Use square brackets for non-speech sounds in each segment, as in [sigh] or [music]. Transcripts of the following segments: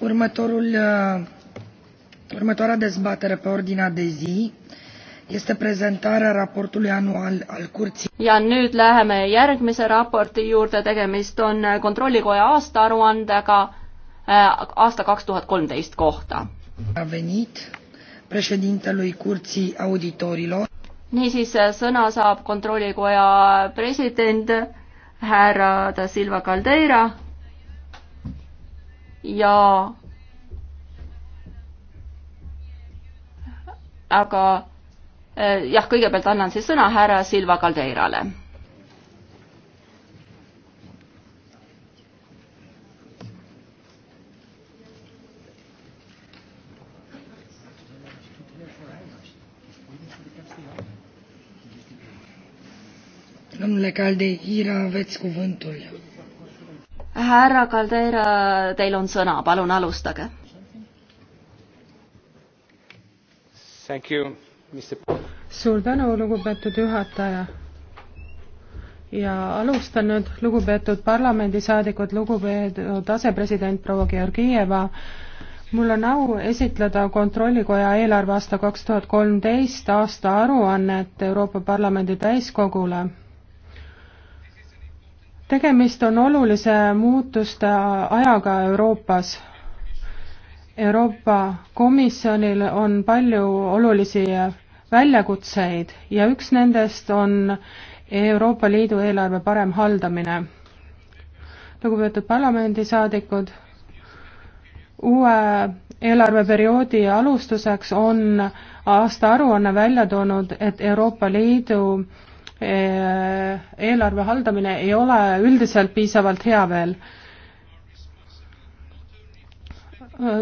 Următorul, uh, următoarea dezbatere pe ordinea de zi este prezentarea raportului anual al Curții. Ja nüüd läheme järgmise raporti juurde. Tegemist on uh, kontrollikoja aastaaruandega uh, aasta 2013 kohta. A venit președintelui Curții Auditorilor. Niisiis sõna saab kontrollikoja president härra Da Silva Caldeira ja aga eh, jah, kõigepealt annan siis sõna härra Silva Caldeirale. domnule Caldeira, aveți cuvântul härra Caldeira, teil on sõna, palun alustage. suur tänu, lugupeetud juhataja. ja alustan nüüd, lugupeetud parlamendisaadikud, lugupeetud asepresident proua Georgieva mul on au esitleda Kontrollikoja eelarveaasta kaks tuhat kolmteist aasta aruannet Euroopa Parlamendi täiskogule tegemist on olulise muutuste ajaga Euroopas. Euroopa Komisjonil on palju olulisi väljakutseid ja üks nendest on Euroopa Liidu eelarve parem haldamine. lugupeetud parlamendisaadikud, uue eelarveperioodi alustuseks on aastaaruanne välja toonud, et Euroopa Liidu eelarve haldamine ei ole üldiselt piisavalt hea veel.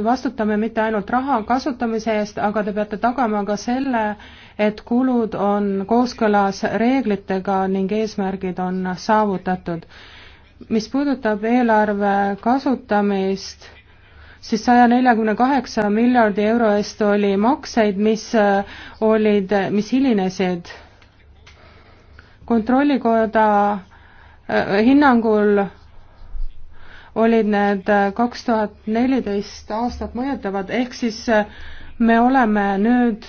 vastutame mitte ainult raha kasutamise eest, aga te peate tagama ka selle, et kulud on kooskõlas reeglitega ning eesmärgid on saavutatud. mis puudutab eelarve kasutamist, siis saja neljakümne kaheksa miljardi euro eest oli makseid, mis äh, olid, mis hilinesid kontrollikoda äh, hinnangul olid need äh, kaks tuhat neliteist aastat mõjutavad, ehk siis äh, me oleme nüüd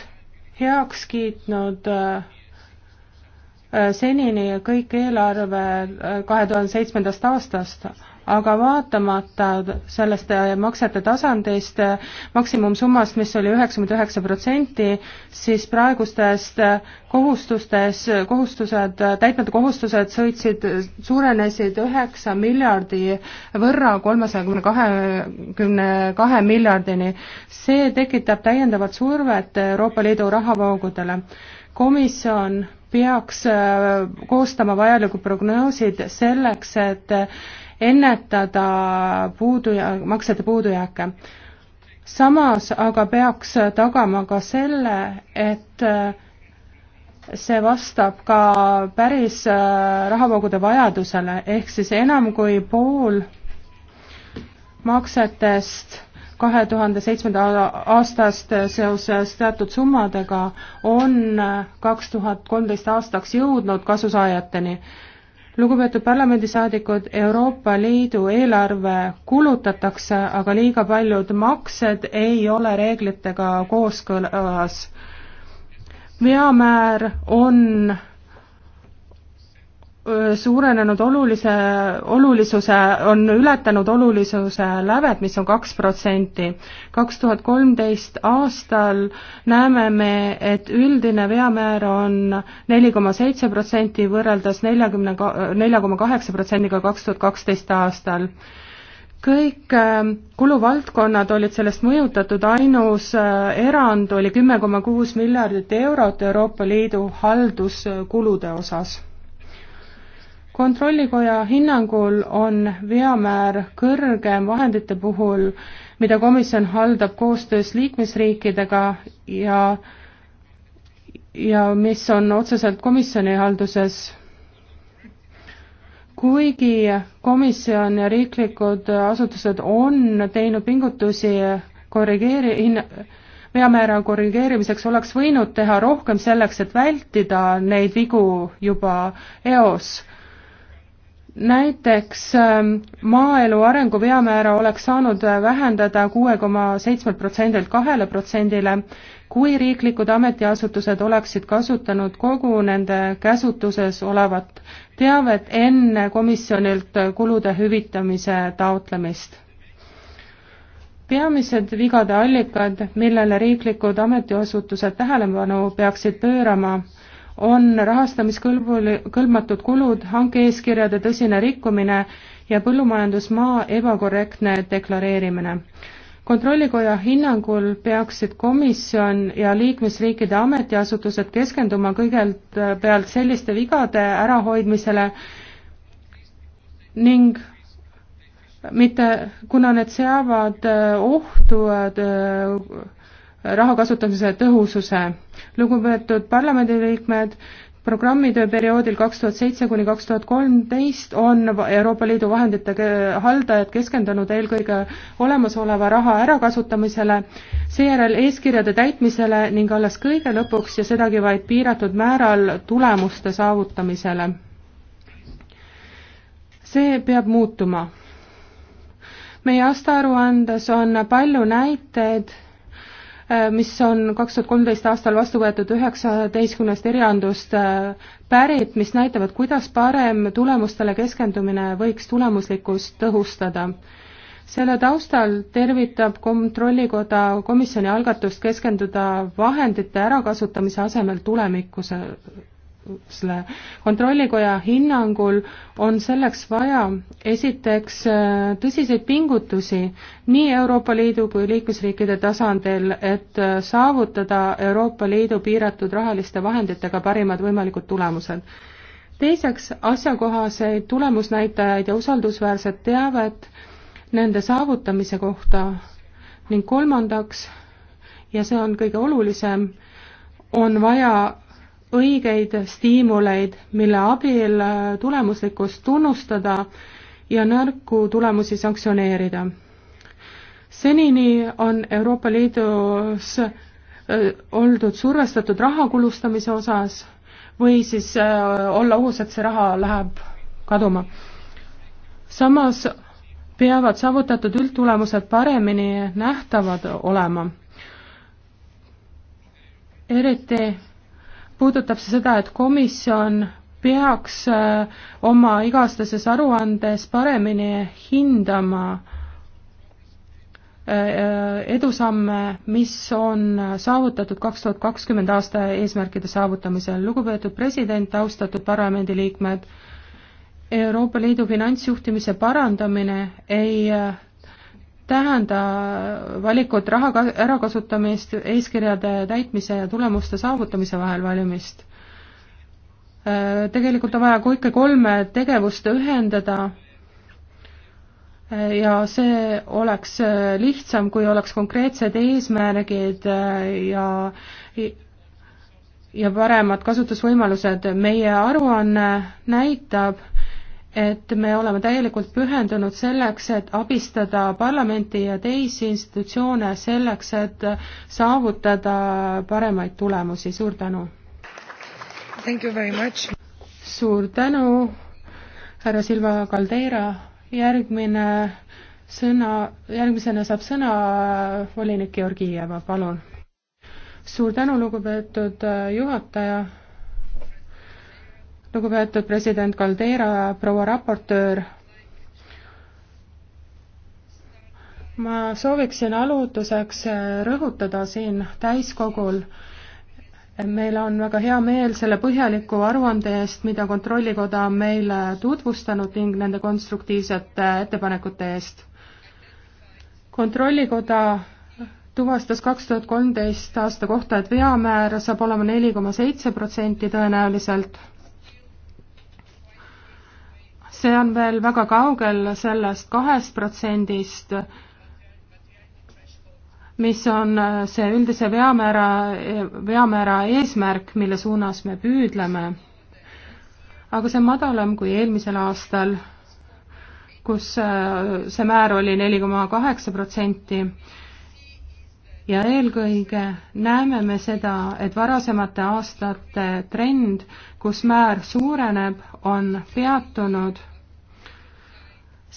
heaks kiitnud senini kõik eelarve kahe tuhande seitsmendast aastast, aga vaatamata sellest äh, maksete tasandist, äh, maksimumsummast, mis oli üheksakümmend üheksa protsenti, siis praegustest äh, kohustustes, kohustused, täitmata kohustused sõitsid, suurenesid üheksa miljardi võrra kolmesajakümne kahekümne kahe miljardini. see tekitab täiendavat survet Euroopa Liidu rahavoogudele. komisjon peaks koostama vajalikud prognoosid selleks, et ennetada puuduja, maksete puudujääke. samas aga peaks tagama ka selle, et äh, see vastab ka päris äh, rahavoogude vajadusele, ehk siis enam kui pool maksetest kahe tuhande seitsmenda aastast seoses teatud summadega on äh, kaks tuhat kolmteist aastaks jõudnud kasusaajateni lugupeetud parlamendisaadikud, Euroopa Liidu eelarve kulutatakse, aga liiga paljud maksed ei ole reeglitega kooskõlas. veamäär on suurenenud olulise, olulisuse, on ületanud olulisuse lävet, mis on kaks protsenti. kaks tuhat kolmteist aastal näeme me, et üldine veamäär on neli koma seitse protsenti võrreldes neljakümne, nelja koma kaheksa protsendiga kaks tuhat kaksteist aastal kõik äh, kuluvaldkonnad olid sellest mõjutatud, ainus äh, erand oli kümme koma kuus miljardit eurot Euroopa Liidu halduskulude osas kontrollikoja hinnangul on veamäär kõrgem vahendite puhul, mida komisjon haldab koostöös liikmesriikidega ja, ja mis on otseselt komisjoni halduses. kuigi komisjon ja riiklikud asutused on teinud pingutusi korrigeeri-, hin-, veamäära korrigeerimiseks oleks võinud teha rohkem selleks, et vältida neid vigu juba eos näiteks ähm, maaelu arengu veamäära oleks saanud äh, vähendada kuue koma seitsmelt protsendilt kahele protsendile, kui riiklikud ametiasutused oleksid kasutanud kogu nende käsutuses olevat teavet enne komisjonilt kulude hüvitamise taotlemist. peamised vigade allikad, millele riiklikud ametiasutused tähelepanu peaksid pöörama, on rahastamiskõlbmatud kulud, hanke-eeskirjade tõsine rikkumine ja põllumajandusmaa ebakorrektne deklareerimine. kontrollikoja hinnangul peaksid komisjon ja liikmesriikide ametiasutused keskenduma kõigepealt selliste vigade ärahoidmisele ning mitte, kuna need seavad ohtu raha kasutamise tõhususe. lugupeetud parlamendiliikmed, programmitöö perioodil kaks tuhat seitse kuni kaks tuhat kolmteist on Euroopa Liidu vahendite haldajad keskendunud eelkõige olemasoleva raha ärakasutamisele, seejärel eeskirjade täitmisele ning alles kõige lõpuks ja sedagi vaid piiratud määral tulemuste saavutamisele. see peab muutuma. meie aastaaruandes on palju näiteid Äh, mis on kaks tuhat kolmteist aastal vastu võetud üheksateistkümnest eriandust äh, pärit, mis näitavad, kuidas parem tulemustele keskendumine võiks tulemuslikkust tõhustada. selle taustal tervitab Kontrollikoda komisjoni algatust keskenduda vahendite ärakasutamise asemel tulemikuse, selle kontrollikoja hinnangul on selleks vaja esiteks äh, tõsiseid pingutusi nii Euroopa Liidu kui liikmesriikide tasandil, et äh, saavutada Euroopa Liidu piiratud rahaliste vahenditega parimad võimalikud tulemused. teiseks, asjakohaseid tulemusnäitajaid ja usaldusväärset teavet nende saavutamise kohta ning kolmandaks, ja see on kõige olulisem, on vaja õigeid stiimuleid, mille abil äh, tulemuslikkust tunnustada ja nõrku tulemusi sanktsioneerida. senini on Euroopa Liidus äh, oldud survestatud raha kulustamise osas või siis äh, olla ohus, et see raha läheb kaduma. samas peavad saavutatud üldtulemused paremini nähtavad olema. eriti puudutab see seda, et komisjon peaks äh, oma igastases aruandes paremini hindama äh, äh, edusamme, mis on saavutatud kaks tuhat kakskümmend aasta eesmärkide saavutamisel. lugupeetud president, austatud parlamendiliikmed, Euroopa Liidu finantsjuhtimise parandamine ei tähenda valikut raha ärakasutamist eeskirjade täitmise ja tulemuste saavutamise vahel valimist. Äh, tegelikult on vaja kõike kolme tegevust ühendada äh, ja see oleks äh, lihtsam, kui oleks konkreetsed eesmärgid ja ja paremad kasutusvõimalused. meie aruanne näitab, et me oleme täielikult pühendunud selleks, et abistada parlamenti ja teisi institutsioone selleks, et saavutada paremaid tulemusi, suur tänu! suur tänu, härra Silva Caldeira, järgmine sõna, järgmisena saab sõna volinik Georgieva, palun! suur tänu, lugupeetud juhataja lugupeetud president Caldera, proua raportöör, ma sooviksin alutuseks rõhutada siin täiskogul, meil on väga hea meel selle põhjaliku aruande eest, mida Kontrollikoda on meile tutvustanud ning nende konstruktiivsete ettepanekute eest. kontrollikoda tuvastas kaks tuhat kolmteist aasta kohta, et veamäär saab olema neli koma seitse protsenti tõenäoliselt see on veel väga kaugel sellest kahest protsendist, mis on äh, see üldise veamäära, veamäära eesmärk, mille suunas me püüdleme. aga see on madalam kui eelmisel aastal, kus äh, see määr oli neli koma kaheksa protsenti ja eelkõige näeme me seda, et varasemate aastate trend, kus määr suureneb, on peatunud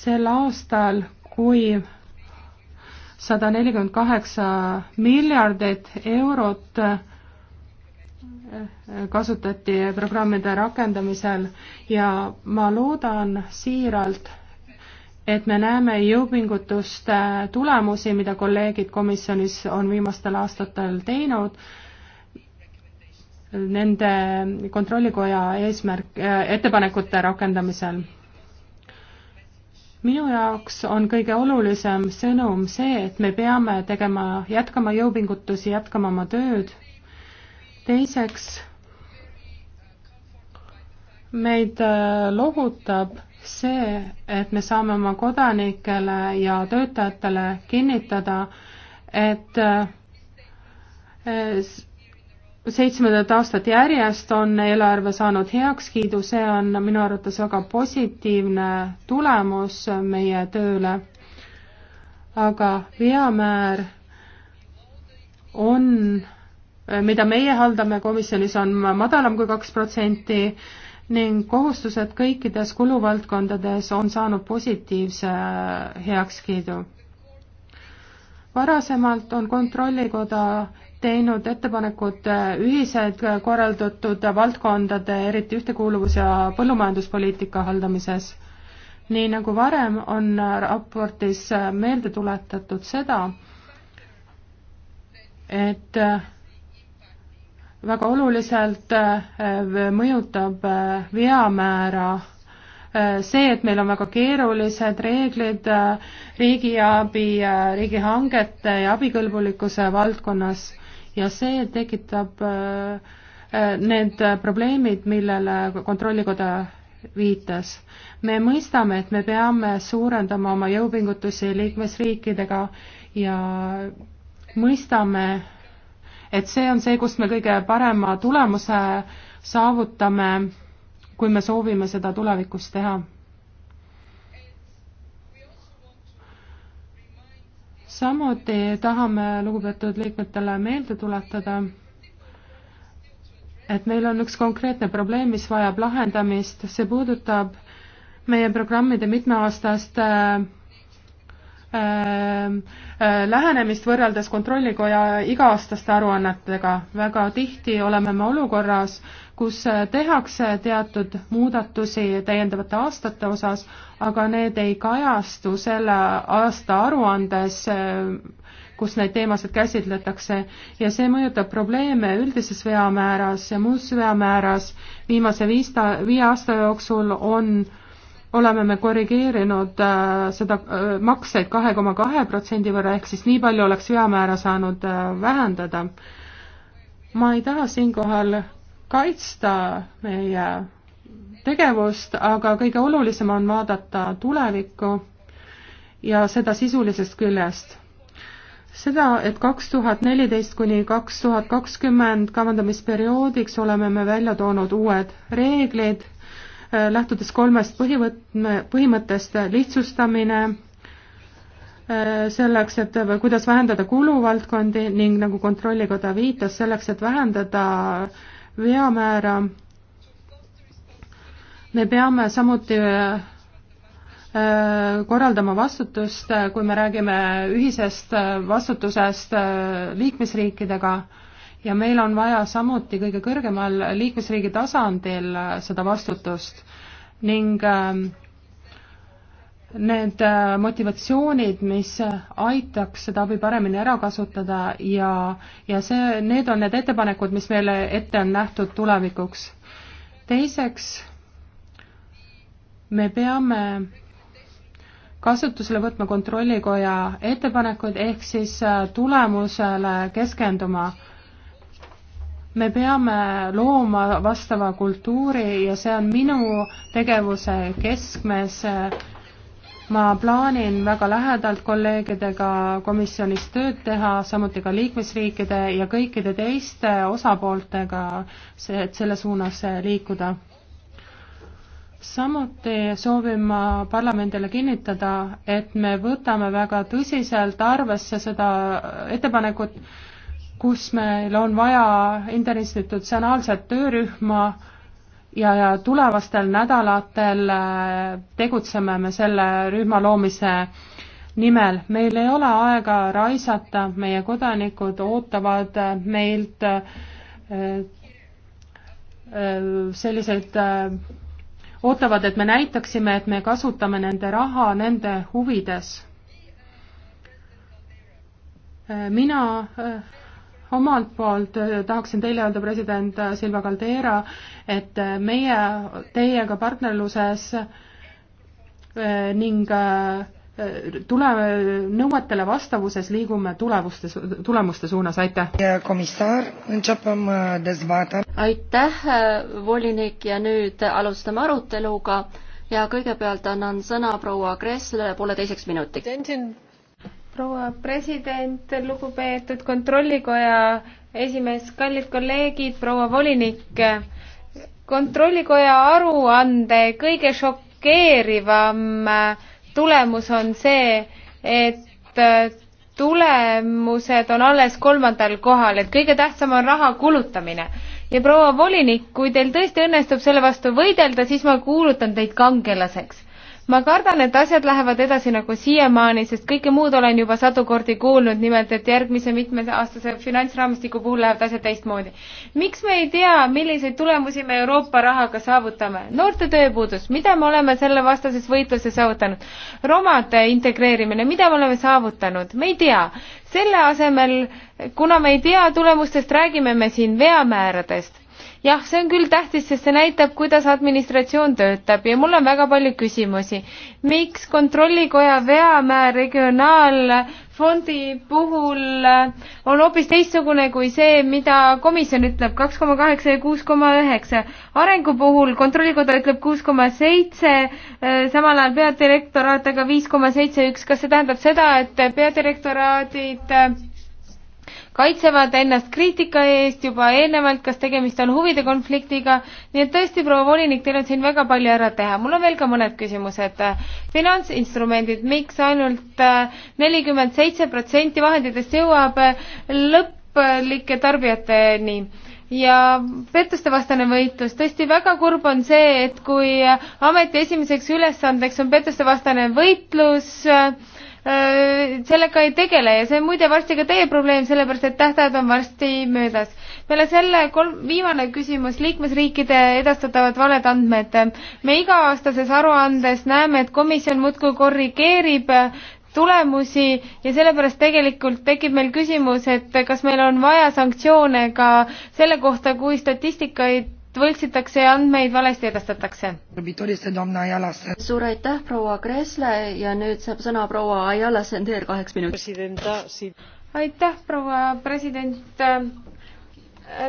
sel aastal, kui sada nelikümmend kaheksa miljardit eurot eh, kasutati programmide rakendamisel ja ma loodan siiralt, et me näeme jõupingutuste tulemusi, mida kolleegid komisjonis on viimastel aastatel teinud, nende kontrollikoja eesmärk, äh, ettepanekute rakendamisel. minu jaoks on kõige olulisem sõnum see, et me peame tegema, jätkama jõupingutusi, jätkama oma tööd, teiseks meid äh, lohutab see, et me saame oma kodanikele ja töötajatele kinnitada, et äh, seitsmendat aastat järjest on eelarve saanud heakskiidu, see on minu arvates väga positiivne tulemus meie tööle. aga veamäär on, mida meie haldame komisjonis, on madalam kui kaks protsenti ning kohustused kõikides kuluvaldkondades on saanud positiivse heakskiidu. varasemalt on Kontrollikoda teinud ettepanekud ühised korraldatud valdkondade, eriti ühtekuuluvus- ja põllumajanduspoliitika haldamises. nii nagu varem, on raportis meelde tuletatud seda, et väga oluliselt äh, mõjutab äh, veamäära äh, see, et meil on väga keerulised reeglid riigiabi, riigihangete ja abikõlbulikkuse valdkonnas ja see tekitab need probleemid, millele Kontrollikoda viitas. me mõistame, et me peame suurendama oma jõupingutusi liikmesriikidega ja mõistame et see on see, kus me kõige parema tulemuse saavutame, kui me soovime seda tulevikus teha. samuti tahame lugupeetud liikmetele meelde tuletada, et meil on üks konkreetne probleem, mis vajab lahendamist, see puudutab meie programmide mitmeaastast äh, Ähm, äh, lähenemist võrreldes Kontrollikoja iga-aastaste aruannetega. väga tihti oleme me olukorras, kus äh, tehakse teatud muudatusi täiendavate aastate osas, aga need ei kajastu selle aasta aruandes, äh, kus neid teemasid käsitletakse ja see mõjutab probleeme üldises veamääras ja muus veamääras. viimase viis ta-, viie aasta jooksul on äh, oleme me korrigeerinud äh, seda äh, makseid kahe koma kahe protsendi võrra, ehk siis nii palju oleks veamäära saanud äh, vähendada. ma ei taha siinkohal kaitsta meie tegevust, aga kõige olulisem on vaadata tulevikku ja seda sisulisest küljest seda, et kaks tuhat neliteist kuni kaks tuhat kakskümmend kavandamisperioodiks oleme me välja toonud uued reeglid lähtudes kolmest põhivõtme, põhimõttest lihtsustamine, äh, selleks, et kuidas vähendada kuluvaldkondi ning nagu Kontrollikoda viitas, selleks, et vähendada veamäära, me peame samuti äh, korraldama vastutust, äh, kui me räägime ühisest vastutusest liikmesriikidega ja meil on vaja samuti kõige kõrgemal liikmesriigi tasandil äh, seda vastutust ning ähm, need äh, motivatsioonid, mis äh, aitaks seda abi paremini ära kasutada ja, ja see, need on need ettepanekud, mis meile ette on nähtud tulevikuks. teiseks, me peame kasutusele võtma Kontrollikoja ettepanekuid, ehk siis tulemusele keskenduma me peame looma vastava kultuuri ja see on minu tegevuse keskmes. ma plaanin väga lähedalt kolleegidega komisjonis tööd teha, samuti ka liikmesriikide ja kõikide teiste osapooltega, et selle suunas liikuda. samuti soovin ma parlamendile kinnitada, et me võtame väga tõsiselt arvesse seda ettepanekut, kus meil on vaja interinstitutsionaalset töörühma ja, ja tulevastel nädalatel äh, tegutseme me selle rühma loomise nimel. meil ei ole aega raisata, meie kodanikud ootavad äh, meilt äh, selliseid, ootavad, et me näitaksime, et me kasutame nende raha nende huvides. mina omalt poolt äh, tahaksin teile öelda, president äh, Silva Caldera, et äh, meie teiega partnerluses ning tule, nõuetele vastavuses liigume tulevuste, tulemuste suunas, aitäh! aitäh, volinik, ja nüüd alustame aruteluga ja kõigepealt annan sõna proua Kresslale pooleteiseks minutiks proua president, lugupeetud kontrollikoja esimees, kallid kolleegid, proua volinik. kontrollikoja aruande kõige šokeerivam tulemus on see, et tulemused on alles kolmandal kohal, et kõige tähtsam on raha kulutamine. ja proua volinik, kui teil tõesti õnnestub selle vastu võidelda, siis ma kuulutan teid kangelaseks ma kardan, et asjad lähevad edasi nagu siiamaani, sest kõike muud olen juba sadu kordi kuulnud, nimelt et järgmise mitmeaastase finantsraamistiku puhul lähevad asjad teistmoodi. miks me ei tea, milliseid tulemusi me Euroopa rahaga saavutame? noorte tööpuudus, mida me oleme selle vastases võitluses saavutanud? romade integreerimine, mida me oleme saavutanud? me ei tea. selle asemel, kuna me ei tea tulemustest, räägime me siin veamääradest jah, see on küll tähtis, sest see näitab, kuidas administratsioon töötab ja mul on väga palju küsimusi. miks Kontrollikoja veamäär regionaalfondi puhul on hoopis teistsugune kui see, mida komisjon ütleb, kaks koma kaheksa ja kuus koma üheksa. arengu puhul Kontrollikoda ütleb kuus koma seitse, samal ajal peadirektoraat aga viis koma seitse üks, kas see tähendab seda, et peadirektoraadid kaitsevad ennast kriitika eest juba eelnevalt, kas tegemist on huvide konfliktiga, nii et tõesti, proua volinik, teil on siin väga palju ära teha. mul on veel ka mõned küsimused. finantsinstrumendid, miks ainult äh, nelikümmend seitse protsenti vahenditest jõuab äh, lõplike tarbijateni? ja pettuste vastane võitlus, tõesti väga kurb on see, et kui ameti esimeseks ülesandeks on pettuste vastane võitlus äh,, Äh, sellega ei tegele ja see on muide varsti ka teie probleem, sellepärast et tähtajad on varsti möödas. peale selle kolm, viimane küsimus, liikmesriikide edastatavad valed andmed. me iga-aastases aruandes näeme, et komisjon muudkui korrigeerib tulemusi ja sellepärast tegelikult tekib meil küsimus, et kas meil on vaja sanktsioone ka selle kohta, kui statistikaid võltsitakse ja andmeid valesti edastatakse. suur aitäh, proua Kresle ja nüüd saab sõna proua Ayala Sender kaheks minutiks. aitäh, proua president.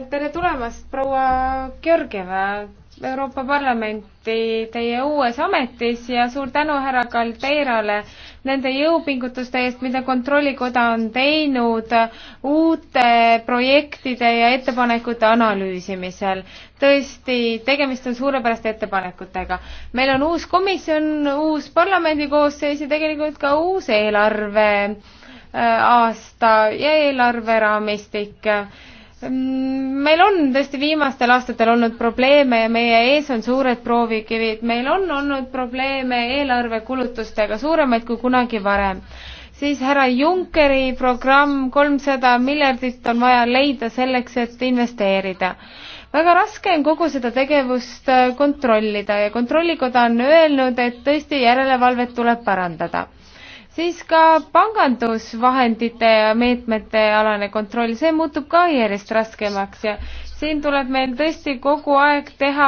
tere tulemast, proua Georgieva Euroopa Parlamenti teie uues ametis ja suur tänu härra Kaldeirale nende jõupingutuste eest, mida Kontrollikoda on teinud uute projektide ja ettepanekute analüüsimisel. tõesti, tegemist on suurepäraste ettepanekutega. meil on uus komisjon, uus parlamendikoosseis ja tegelikult ka uus eelarve äh, aasta ja eelarveraamistik Mm, meil on tõesti viimastel aastatel olnud probleeme ja meie ees on suured proovikivid. meil on olnud probleeme eelarvekulutustega, suuremaid kui kunagi varem. siis härra Junckeri programm kolmsada miljardit on vaja leida selleks, et investeerida väga raske on kogu seda tegevust äh, kontrollida ja Kontrollikoda on öelnud, et tõesti järelevalvet tuleb parandada siis ka pangandusvahendite ja meetmete alane kontroll, see muutub ka järjest raskemaks ja siin tuleb meil tõesti kogu aeg teha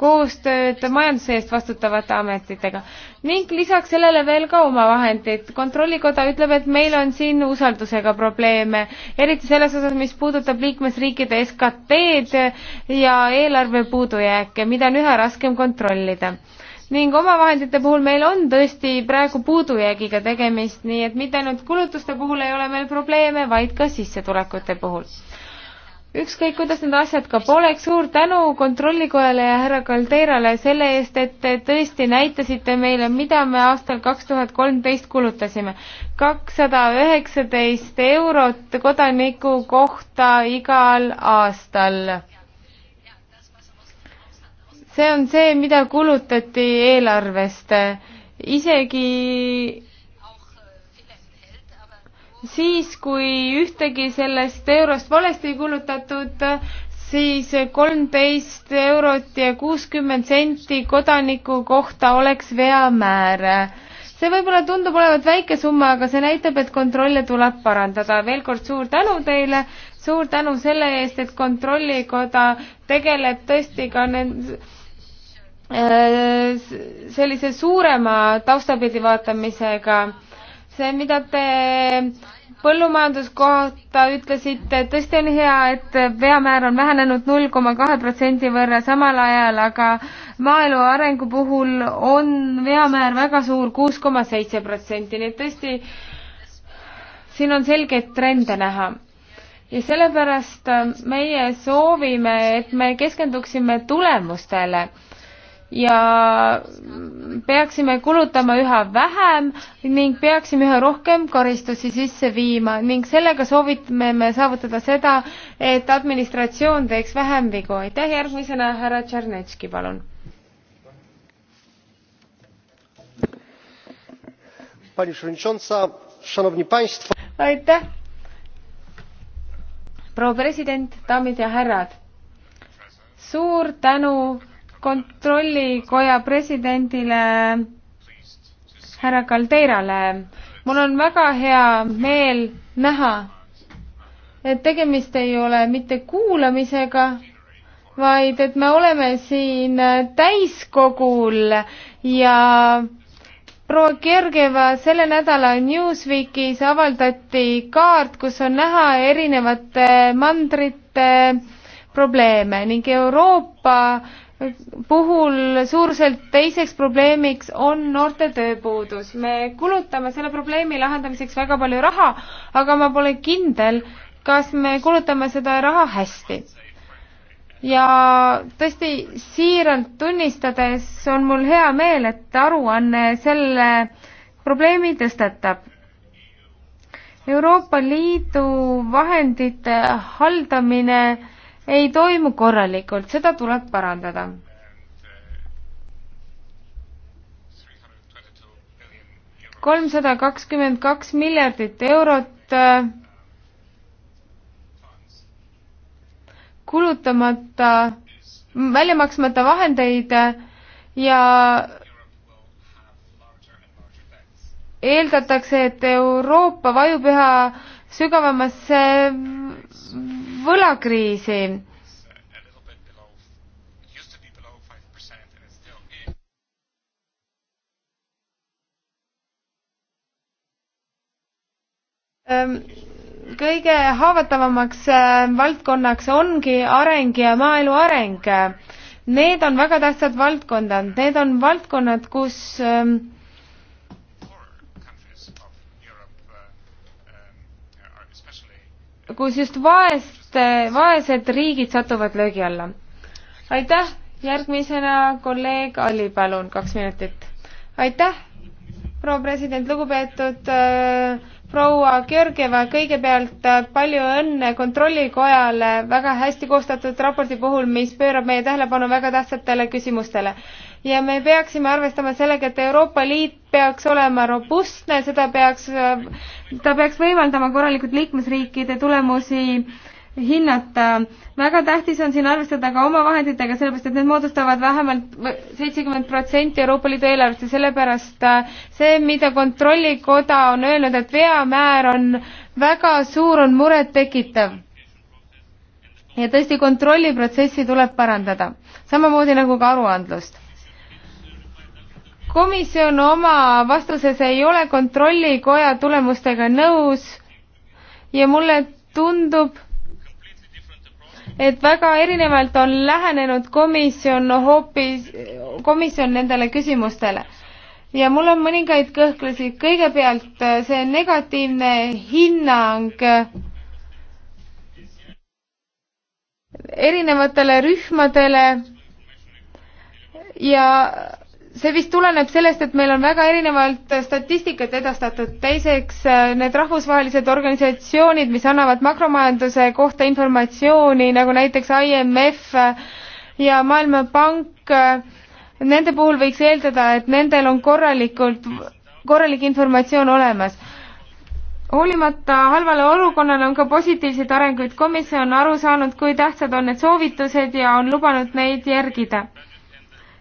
koostööd majanduse eest vastutavate ametitega. ning lisaks sellele veel ka omavahendid. kontrollikoda ütleb, et meil on siin usaldusega probleeme, eriti selles osas, mis puudutab liikmesriikide SKT-d ja eelarve puudujääke, mida on üha raskem kontrollida ning omavahendite puhul meil on tõesti praegu puudujäägiga tegemist, nii et mitte ainult kulutuste puhul ei ole meil probleeme, vaid ka sissetulekute puhul. ükskõik, kuidas need asjad ka poleks, suur tänu Kontrollikojale ja härra Kaldeirale selle eest, et te tõesti näitasite meile, mida me aastal kaks tuhat kolmteist kulutasime. kakssada üheksateist eurot kodaniku kohta igal aastal see on see, mida kulutati eelarvest, isegi siis, kui ühtegi sellest eurost valesti ei kulutatud, siis kolmteist eurot ja kuuskümmend senti kodaniku kohta oleks veamäär. see võib-olla tundub olevat väike summa, aga see näitab, et kontrolle tuleb parandada. veel kord suur tänu teile, suur tänu selle eest, et Kontrollikoda tegeleb tõesti ka nende Äh, sellise suurema taustapildi vaatamisega. see, mida te põllumajanduskohta ütlesite, et tõesti on hea, et veamäär on vähenenud null koma kahe protsendi võrra samal ajal, aga maaelu arengu puhul on veamäär väga suur, kuus koma seitse protsenti, nii et tõesti siin on selgeid trende näha ja sellepärast meie soovime, et me keskenduksime tulemustele ja peaksime kulutama üha vähem ning peaksime üha rohkem karistusi sisse viima ning sellega soovitame me saavutada seda, et administratsioon teeks vähem vigu. aitäh, järgmisena härra Tšernetski, palun. aitäh, proua president, daamid ja härrad. suur tänu kontrollikoja presidendile härra Kaldeirale. mul on väga hea meel näha, et tegemist ei ole mitte kuulamisega, vaid et me oleme siin täiskogul ja proua Kergeva selle nädala Newsweekis avaldati kaart, kus on näha erinevate mandrite probleeme ning Euroopa puhul suuruselt teiseks probleemiks on noorte tööpuudus. me kulutame selle probleemi lahendamiseks väga palju raha, aga ma pole kindel, kas me kulutame seda raha hästi. ja tõesti siiralt tunnistades on mul hea meel, et aruanne selle probleemi tõstatab. Euroopa Liidu vahendite haldamine ei toimu korralikult, seda tuleb parandada. kolmsada kakskümmend kaks miljardit eurot äh, kulutamata, välja maksmata vahendeid äh, ja eeldatakse, et Euroopa vajub üha sügavamasse võlakriisi ehm, kõige haavatavamaks ehm, valdkonnaks ongi areng ja maaelu areng. Need on väga tähtsad valdkondad, need on valdkonnad, kus ehm, kus just vaest et eh, vaesed riigid satuvad löögi alla. aitäh, järgmisena kolleeg Ali, palun, kaks minutit. aitäh, proua president, lugupeetud äh, proua Georgieva, kõigepealt eh, palju õnne Kontrollikojale väga hästi koostatud raporti puhul, mis pöörab meie tähelepanu väga tähtsatele küsimustele. ja me peaksime arvestama sellega, et Euroopa Liit peaks olema robustne, seda peaks, ta peaks võimaldama korralikult liikmesriikide tulemusi äh, hinnata. väga tähtis on siin arvestada ka omavahenditega, sellepärast et need moodustavad vähemalt seitsekümmend protsenti Euroopa Liidu eelarvest ja sellepärast äh, see, mida Kontrollikoda on öelnud, et veamäär on väga suur, on murettekitav. ja tõesti, kontrolliprotsessi tuleb parandada, samamoodi nagu ka aruandlust komisjon oma vastuses ei ole kontrollikoja tulemustega nõus ja mulle tundub, et väga erinevalt on lähenenud komisjon hoopis, komisjon nendele küsimustele. ja mul on mõningaid kõhklusi, kõigepealt äh, see negatiivne hinnang äh, erinevatele rühmadele ja see vist tuleneb sellest, et meil on väga erinevalt statistikat edastatud. teiseks, äh, need rahvusvahelised organisatsioonid, mis annavad makromajanduse kohta informatsiooni, nagu näiteks IMF äh, ja Maailmapank, äh, nende puhul võiks eeldada, et nendel on korralikult, korralik informatsioon olemas hoolimata halvale olukonnale on ka positiivseid arenguid. komisjon on aru saanud, kui tähtsad on need soovitused ja on lubanud neid järgida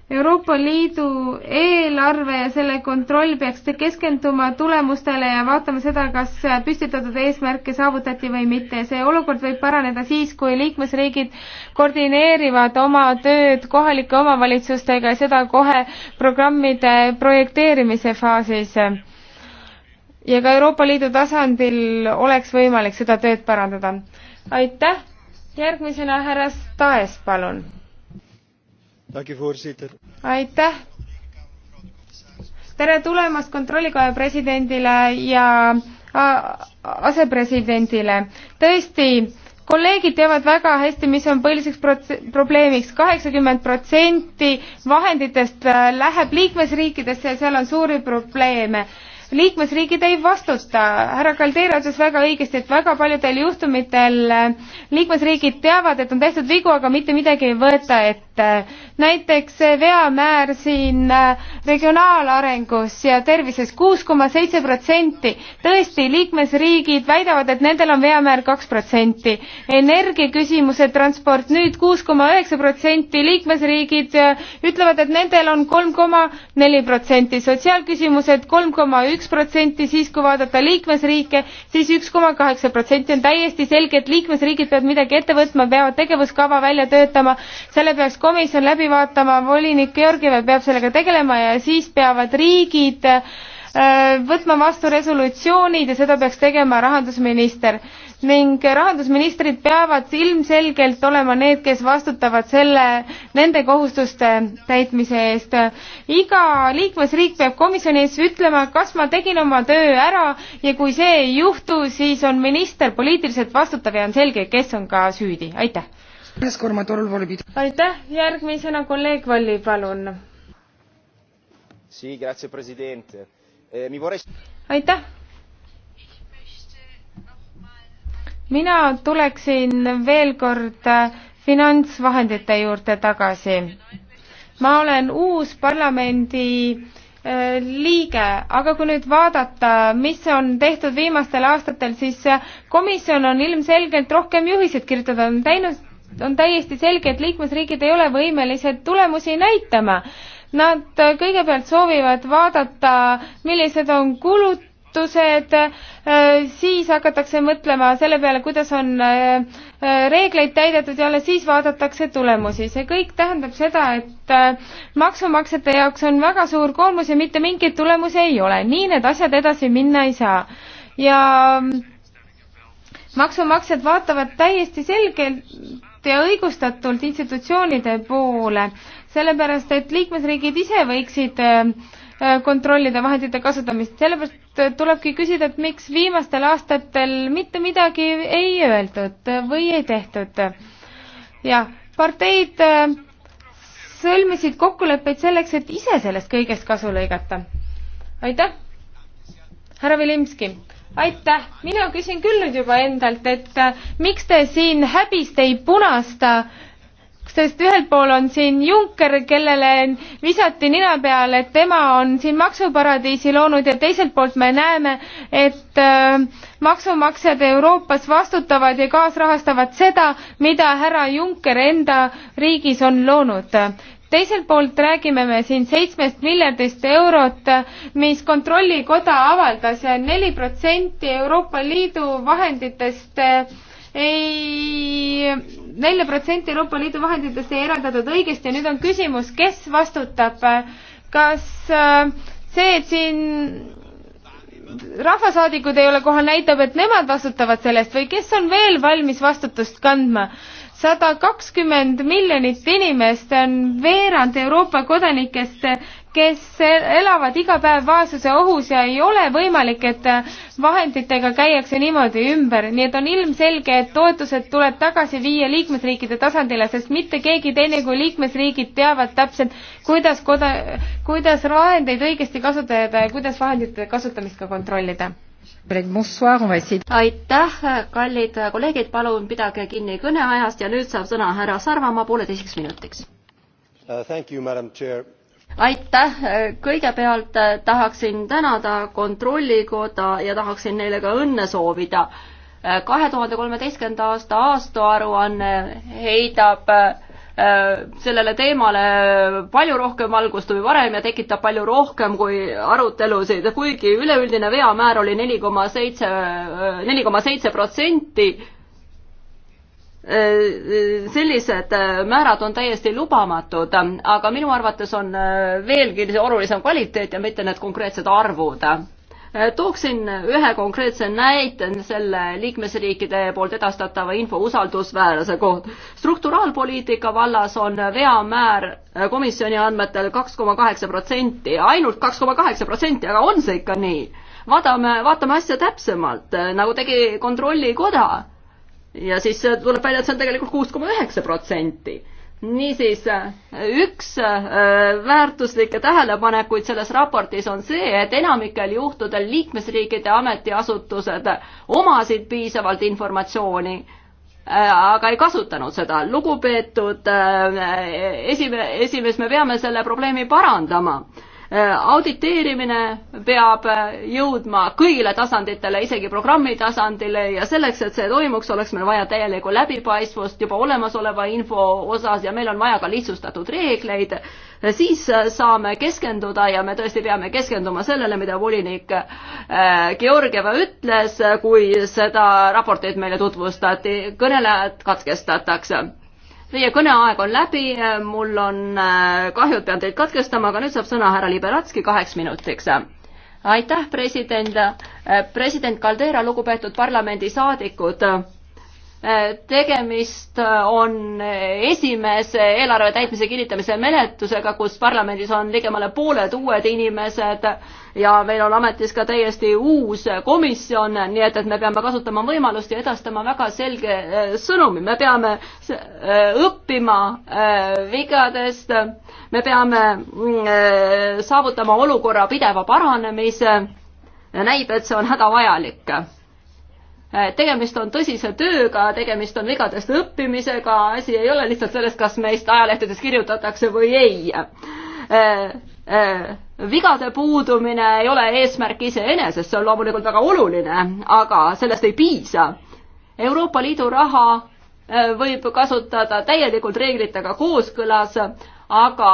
Euroopa Liidu eelarve ja selle kontroll peaks keskenduma tulemustele ja vaatama seda, kas püstitatud eesmärke saavutati või mitte. see olukord võib paraneda siis, kui liikmesriigid koordineerivad oma tööd kohalike omavalitsustega ja seda kohe programmide projekteerimise faasis. ja ka Euroopa Liidu tasandil oleks võimalik seda tööd parandada. aitäh, järgmisena härra Staes, palun aitäh! tere tulemast Kontrollikoja presidendile ja asepresidendile. tõesti, kolleegid teavad väga hästi, mis on põhiliseks prots-, probleemiks. kaheksakümmend protsenti vahenditest äh, läheb liikmesriikidesse ja seal on suuri probleeme liikmesriigid ei vastuta. härra Kaldeira ütles väga õigesti, et väga paljudel juhtumitel eh, liikmesriigid teavad, et on tehtud vigu, aga mitte midagi ei võeta ette. näiteks veamäär siin eh, regionaalarengus ja tervises kuus koma seitse protsenti. tõesti, liikmesriigid väidavad, et nendel on veamäär kaks protsenti. energiaküsimused, transport nüüd kuus koma üheksa protsenti, liikmesriigid eh, ütlevad, et nendel on kolm koma neli protsenti, sotsiaalküsimused kolm koma üks üks protsenti, siis kui vaadata liikmesriike siis, siis üks koma kaheksa protsenti on täiesti selge, et liikmesriigid peavad midagi ette võtma, peavad tegevuskava välja töötama, selle peaks komisjon läbi vaatama, volinik Georgiev peab sellega tegelema ja siis peavad riigid äh, võtma vastu resolutsioonid ja seda peaks tegema rahandusminister ning rahandusministrid peavad ilmselgelt olema need, kes vastutavad selle, nende kohustuste täitmise eest. iga liikmesriik peab komisjoni ees ütlema, kas ma tegin oma töö ära ja kui see ei juhtu, siis on minister poliitiliselt vastutav ja on selge, kes on ka süüdi. aitäh! aitäh, järgmisena kolleeg Valli, palun. Eh, aitäh! mina tuleksin veel kord äh, finantsvahendite juurde tagasi. ma olen uus parlamendi äh, liige, aga kui nüüd vaadata, mis on tehtud viimastel aastatel, siis äh, komisjon on ilmselgelt rohkem juhiseid kirjutada, on teinud, on täiesti selge, et liikmesriigid ei ole võimelised tulemusi näitama. Nad kõigepealt soovivad vaadata, millised on kulud, muudatused, äh, siis hakatakse mõtlema selle peale, kuidas on äh, äh, reegleid täidetud ja alles siis vaadatakse tulemusi. see kõik tähendab seda, et maksumaksjate jaoks on väga suur koormus ja mitte mingeid tulemusi ei ole. nii need asjad edasi minna ei saa. ja mm, maksumaksjad vaatavad täiesti selgelt ja õigustatult institutsioonide poole, sellepärast et liikmesriigid ise võiksid äh, Äh, kontrollida vahendite kasutamist, sellepärast äh, tulebki küsida, et miks viimastel aastatel mitte midagi ei öeldud või ei tehtud. jah, parteid äh, sõlmisid kokkuleppeid selleks, et ise sellest kõigest kasu lõigata. aitäh, härra Vilimski aitäh, mina küsin küll nüüd juba endalt, et miks te siin häbist ei punasta äh, sest ühel pool on siin Juncker, kellele visati nina peale, et tema on siin maksuparadiisi loonud ja teiselt poolt me näeme, et äh, maksumaksjad Euroopas vastutavad ja kaasrahastavad seda, mida härra Juncker enda riigis on loonud teiselt poolt räägime me siin seitsmest miljardist eurot, mis Kontrollikoda avaldas ja neli protsenti Euroopa Liidu vahenditest ei nelja protsenti Euroopa Liidu vahenditest ei eraldatud õigesti ja nüüd on küsimus, kes vastutab, kas äh, see, et siin rahvasaadikud ei ole kohal, näitab, et nemad vastutavad sellest või kes on veel valmis vastutust kandma? sada kakskümmend miljonit inimest on veerand Euroopa kodanikest kes elavad iga päev vaesuse ohus ja ei ole võimalik, et äh, vahenditega käiakse niimoodi ümber, nii et on ilmselge, et toetused tuleb tagasi viia liikmesriikide tasandile, sest mitte keegi teine kui liikmesriigid teavad täpselt, kuidas koda, kuidas vahendeid õigesti kasutada ja kuidas vahendite kasutamist ka kontrollida. aitäh, kallid kolleegid, palun pidage kinni kõneajast ja nüüd saab sõna härra Sarvamaa pooleteiseks minutiks uh, aitäh, kõigepealt eh, tahaksin tänada Kontrollikoda ja tahaksin neile ka õnne soovida. Eh, kahe tuhande kolmeteistkümnenda aasta aastaaruanne heidab eh, sellele teemale palju rohkem valgust kui varem ja tekitab palju rohkem kui arutelusid, kuigi üleüldine veamäär oli neli koma seitse, neli koma seitse protsenti Äh, äh, sellised äh, määrad on täiesti lubamatud, aga minu arvates on veelgi olulisem kvaliteet ja mitte need konkreetsed arvud. tooksin ühe konkreetse näite selle liikmesriikide poolt edastatava info usaldusväärsuse kohta. strukturaalpoliitika vallas on veamäär komisjoni andmetel kaks koma kaheksa protsenti, ainult kaks koma kaheksa protsenti, aga on see ikka nii? vaatame, vaatame asja täpsemalt, nagu tegi Kontrollikoda ja siis äh, tuleb välja, et see on tegelikult kuus koma üheksa protsenti. niisiis, äh, üks äh, väärtuslikke tähelepanekuid selles raportis on see, et enamikel juhtudel liikmesriikide ametiasutused omasid piisavalt informatsiooni, aga ei kasutanud seda. lugupeetud esime-, esimees, me peame selle probleemi parandama Äh, auditeerimine peab äh, jõudma kõigile tasanditele, isegi programmi tasandile ja selleks, et see toimuks, oleks meil vaja täielikku läbipaistvust juba olemasoleva info osas ja meil on vaja ka lihtsustatud reegleid. Äh, siis saame keskenduda ja me tõesti peame keskenduma sellele, mida volinik Georgieva ütles, kui seda raportit meile tutvustati, kõnelejad katkestatakse Teie kõneaeg on läbi, mul on äh, kahju, et pean teid katkestama, aga nüüd saab sõna härra Liberatski kaheks minutiks. aitäh, president, äh, president Caldera, lugupeetud parlamendisaadikud Äh, tegemist äh, on esimese eelarve täitmise kinnitamise menetlusega, kus parlamendis on ligemale pooled uued inimesed ja meil on ametis ka täiesti uus komisjon, nii et, et me peame kasutama võimalust ja edastama väga selge äh, sõnumi, me peame õppima vigadest, me peame mm, saavutama olukorra pideva paranemise, näib, et see on hädavajalik Äh, tegemist on tõsise tööga, tegemist on vigadest õppimisega, asi ei ole lihtsalt selles, kas meist ajalehtedes kirjutatakse või ei. Äh, äh, vigade puudumine ei ole eesmärk iseenesest, see on loomulikult väga oluline, aga sellest ei piisa. Euroopa Liidu raha võib kasutada täielikult reeglitega kooskõlas, aga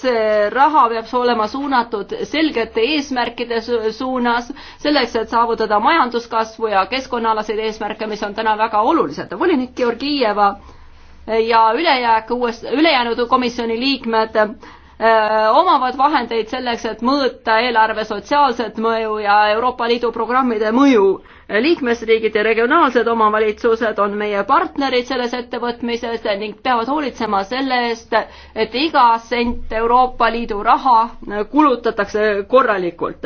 see raha peab olema suunatud selgete eesmärkide suunas, selleks, et saavutada majanduskasvu ja keskkonnaalaseid eesmärke, mis on täna väga olulised. volinik Georgieva ja ülejääk uues, ülejäänud komisjoni liikmed Äh, omavad vahendeid selleks, et mõõta eelarve sotsiaalset mõju ja Euroopa Liidu programmide mõju. liikmesriigid ja regionaalsed omavalitsused on meie partnerid selles ettevõtmises ning peavad hoolitsema selle eest, et iga sent Euroopa Liidu raha kulutatakse korralikult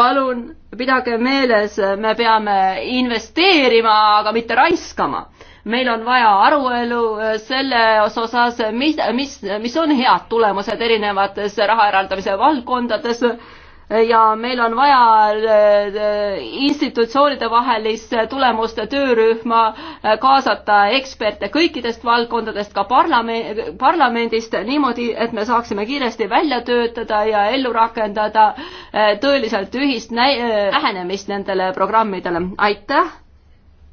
palun pidage meeles, me peame investeerima, aga mitte raiskama meil on vaja aruelu äh, selles osas, mis, mis, mis on head tulemused erinevates raha eraldamise valdkondades ja meil on vaja äh, institutsioonide vahelist tulemuste töörühma äh, kaasata eksperte kõikidest valdkondadest, ka parlament, parlamendist, niimoodi, et me saaksime kiiresti välja töötada ja ellu rakendada tõeliselt ühist lähenemist nendele programmidele. aitäh!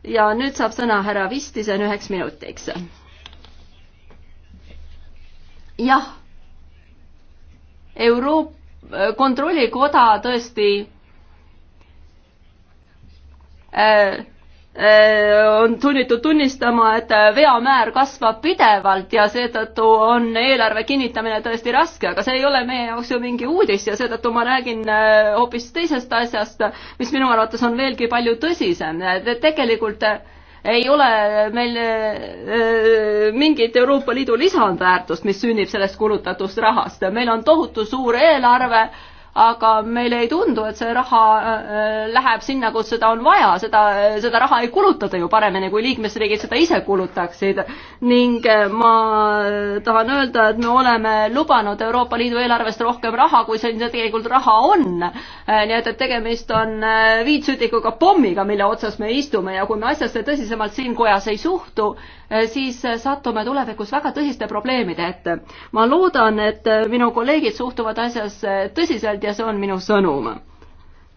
ja nüüd saab sõna härra Vistisen üheks minutiks. jah, Euroopa kontrollikoda tõesti äh, Äh, on sunnitud tunnistama, et äh, veamäär kasvab pidevalt ja seetõttu on eelarve kinnitamine tõesti raske, aga see ei ole meie jaoks ju mingi uudis ja seetõttu ma räägin äh, hoopis teisest asjast, mis minu arvates on veelgi palju tõsisem. tegelikult ei ole meil mingit Euroopa Liidu lisandväärtust, mis sünnib sellest kulutatust rahast. meil on tohutu suur eelarve aga meile ei tundu, et see raha äh, läheb sinna, kus seda on vaja, seda, seda raha ei kulutata ju paremini, kui liikmesriigid seda ise kulutaksid. ning äh, ma tahan öelda, et me oleme lubanud Euroopa Liidu eelarvest rohkem raha, kui see tegelikult raha on. Äh, nii et, et tegemist on viitsütikuga pommiga, mille otsas me istume ja kui me asjasse tõsisemalt siin kojas ei suhtu, siis satume tulevikus väga tõsiste probleemide ette. ma loodan, et minu kolleegid suhtuvad asjasse tõsiselt ja see on minu sõnum.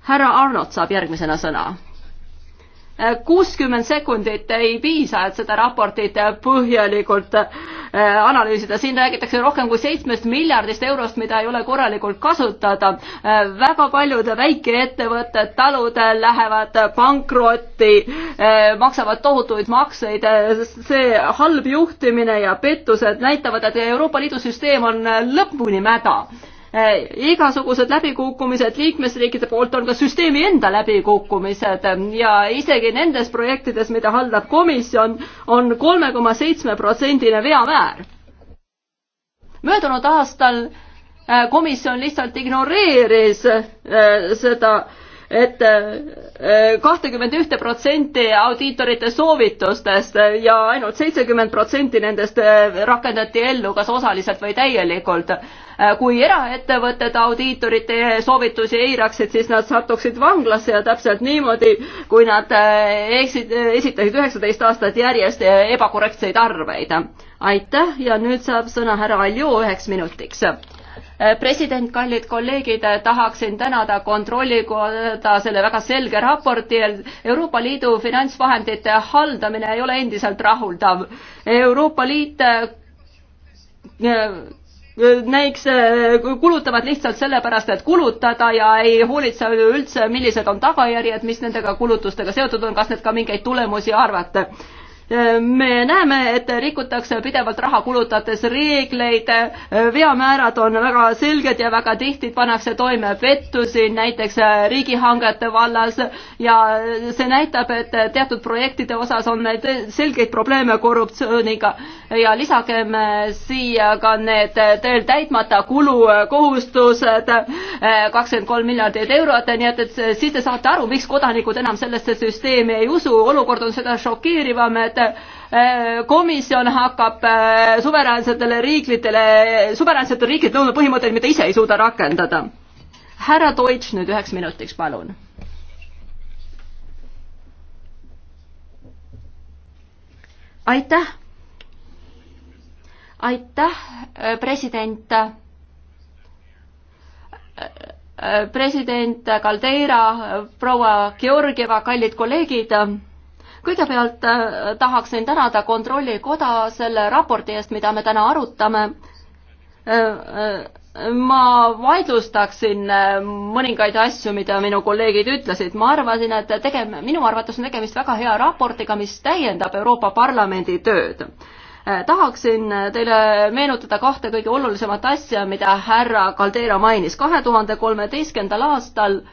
härra Arnold saab järgmisena sõna. kuuskümmend sekundit ei piisa, et seda raportit põhjalikult äh, analüüsida, siin räägitakse rohkem kui seitsmest miljardist eurost, mida ei ole korralikult kasutada. Äh, väga paljud väikeettevõtted, talud lähevad pankrotti, äh, maksavad tohutuid makseid, see halb juhtimine ja pettused näitavad, et Euroopa Liidu süsteem on lõpuni mäda Äh, igasugused läbikukkumised liikmesriikide poolt on ka süsteemi enda läbikukkumised ja isegi nendes projektides, mida haldab komisjon, on kolme koma seitsme protsendine veamäär. möödunud aastal äh, komisjon lihtsalt ignoreeris äh, seda et äh, kahtekümmend ühte protsenti audiitorite soovitustest ja ainult seitsekümmend protsenti nendest äh, rakendati ellu kas osaliselt või täielikult. Äh, kui eraettevõtted audiitorite soovitusi eiraksid, siis nad satuksid vanglasse ja täpselt niimoodi, kui nad eksid, esitasid üheksateist aastat järjest ebakorrektseid arveid. aitäh ja nüüd saab sõna härra Aljo üheks minutiks Eh, president, kallid kolleegid, eh, tahaksin tänada kontrollikoda selle väga selge raporti eest. Euroopa Liidu finantsvahendite haldamine ei ole endiselt rahuldav. Euroopa Liit eh, näiks, kulutavad lihtsalt sellepärast, et kulutada ja ei hoolitse üldse, millised on tagajärjed, mis nendega kulutustega seotud on, kas need ka mingeid tulemusi arvata me näeme, et rikutakse pidevalt raha kulutades reegleid, veamäärad on väga selged ja väga tihti pannakse toime pettusi, näiteks riigihangete vallas ja see näitab, et teatud projektide osas on meil selgeid probleeme korruptsiooniga ja lisagem siia ka need teil täitmata kulukohustused, kakskümmend kolm miljardit eurot, nii et, et siis te saate aru, miks kodanikud enam sellesse süsteemi ei usu, olukord on seda šokeerivam, et Äh, komisjon hakkab äh, suveräänsetele riiklitele, suveräänsetel riikidel nõudma põhimõtteid, mida ise ei suuda rakendada. härra Deutsch nüüd üheks minutiks, palun. aitäh. aitäh, äh, president president Caldeira, proua Georgieva, kallid kolleegid kõigepealt äh, tahaksin tänada Kontrollikoda selle raporti eest, mida me täna arutame. Äh, äh, ma vaidlustaksin mõningaid asju, mida minu kolleegid ütlesid. ma arvasin, et tegem-, minu arvates on tegemist väga hea raportiga, mis täiendab Euroopa Parlamendi tööd tahaksin teile meenutada kahte kõige olulisemat asja, mida härra Caldera mainis. kahe tuhande kolmeteistkümnendal aastal äh,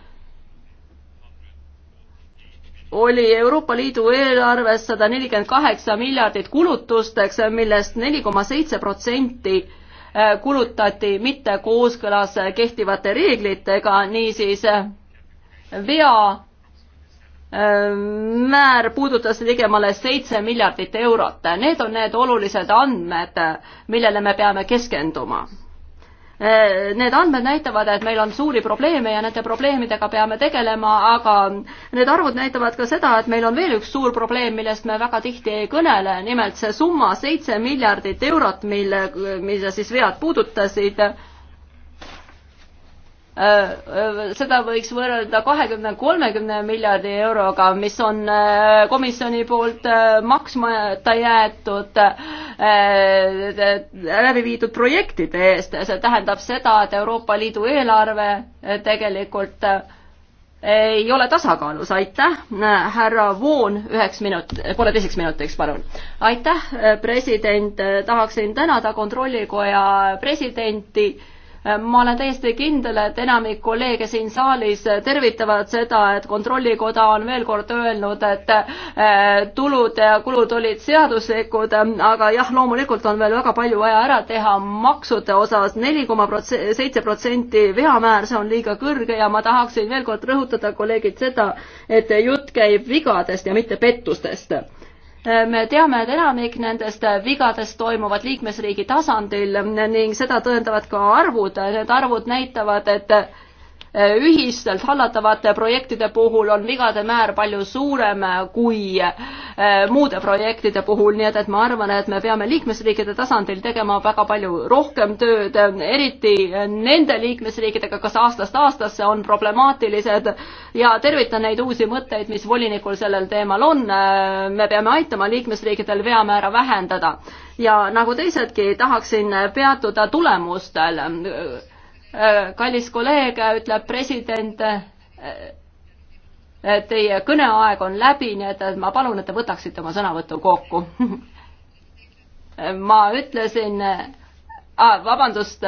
oli Euroopa Liidu eelarves sada nelikümmend kaheksa miljardit kulutusteks, millest neli koma seitse protsenti äh, kulutati mitte kooskõlas kehtivate reeglitega, niisiis äh, vea äh, määr puudutas ligemale seitse miljardit eurot. Need on need olulised andmed, millele me peame keskenduma Äh, need andmed näitavad, et meil on suuri probleeme ja nende probleemidega peame tegelema, aga need arvud näitavad ka seda, et meil on veel üks suur probleem, millest me väga tihti ei kõnele, nimelt see summa seitse miljardit eurot, mille, mida siis vead puudutasid äh, äh, seda võiks võrrelda kahekümne, kolmekümne miljardi euroga, mis on komisjoni poolt maksmata jäetud Äh, äh, läbi viidud projektide eest, see tähendab seda, et Euroopa Liidu eelarve äh, tegelikult ei ole tasakaalus, aitäh, härra Voon, üheks minut, pooleteiseks minutiks, palun. aitäh, president, tahaksin tänada Kontrollikoja presidenti ma olen täiesti kindel, et enamik kolleege siin saalis tervitavad seda, et Kontrollikoda on veel kord öelnud, et eh, tulud ja kulud olid seaduslikud, aga jah, loomulikult on veel väga palju vaja ära teha maksude osas, neli koma seitse protsenti veamäär, see on liiga kõrge ja ma tahaksin veel kord rõhutada, kolleegid, seda, et jutt käib vigadest ja mitte pettustest me teame, et enamik nendest vigadest toimuvad liikmesriigi tasandil ning seda tõendavad ka arvud. Need arvud näitavad, et ühistelt hallatavate projektide puhul on vigade määr palju suurem kui äh, muude projektide puhul, nii et, et ma arvan, et me peame liikmesriikide tasandil tegema väga palju rohkem tööd, eriti nende liikmesriikidega, kas aastast aastasse on problemaatilised ja tervitan neid uusi mõtteid, mis volinikul sellel teemal on. me peame aitama liikmesriikidel veamäära vähendada ja nagu teisedki, tahaksin peatuda tulemustel Äh, kallis kolleeg, ütleb president, äh, teie kõneaeg on läbi, nii et ma palun, et te võtaksite oma sõnavõtu kokku [laughs] ma ütlesin äh, ah,, vabandust,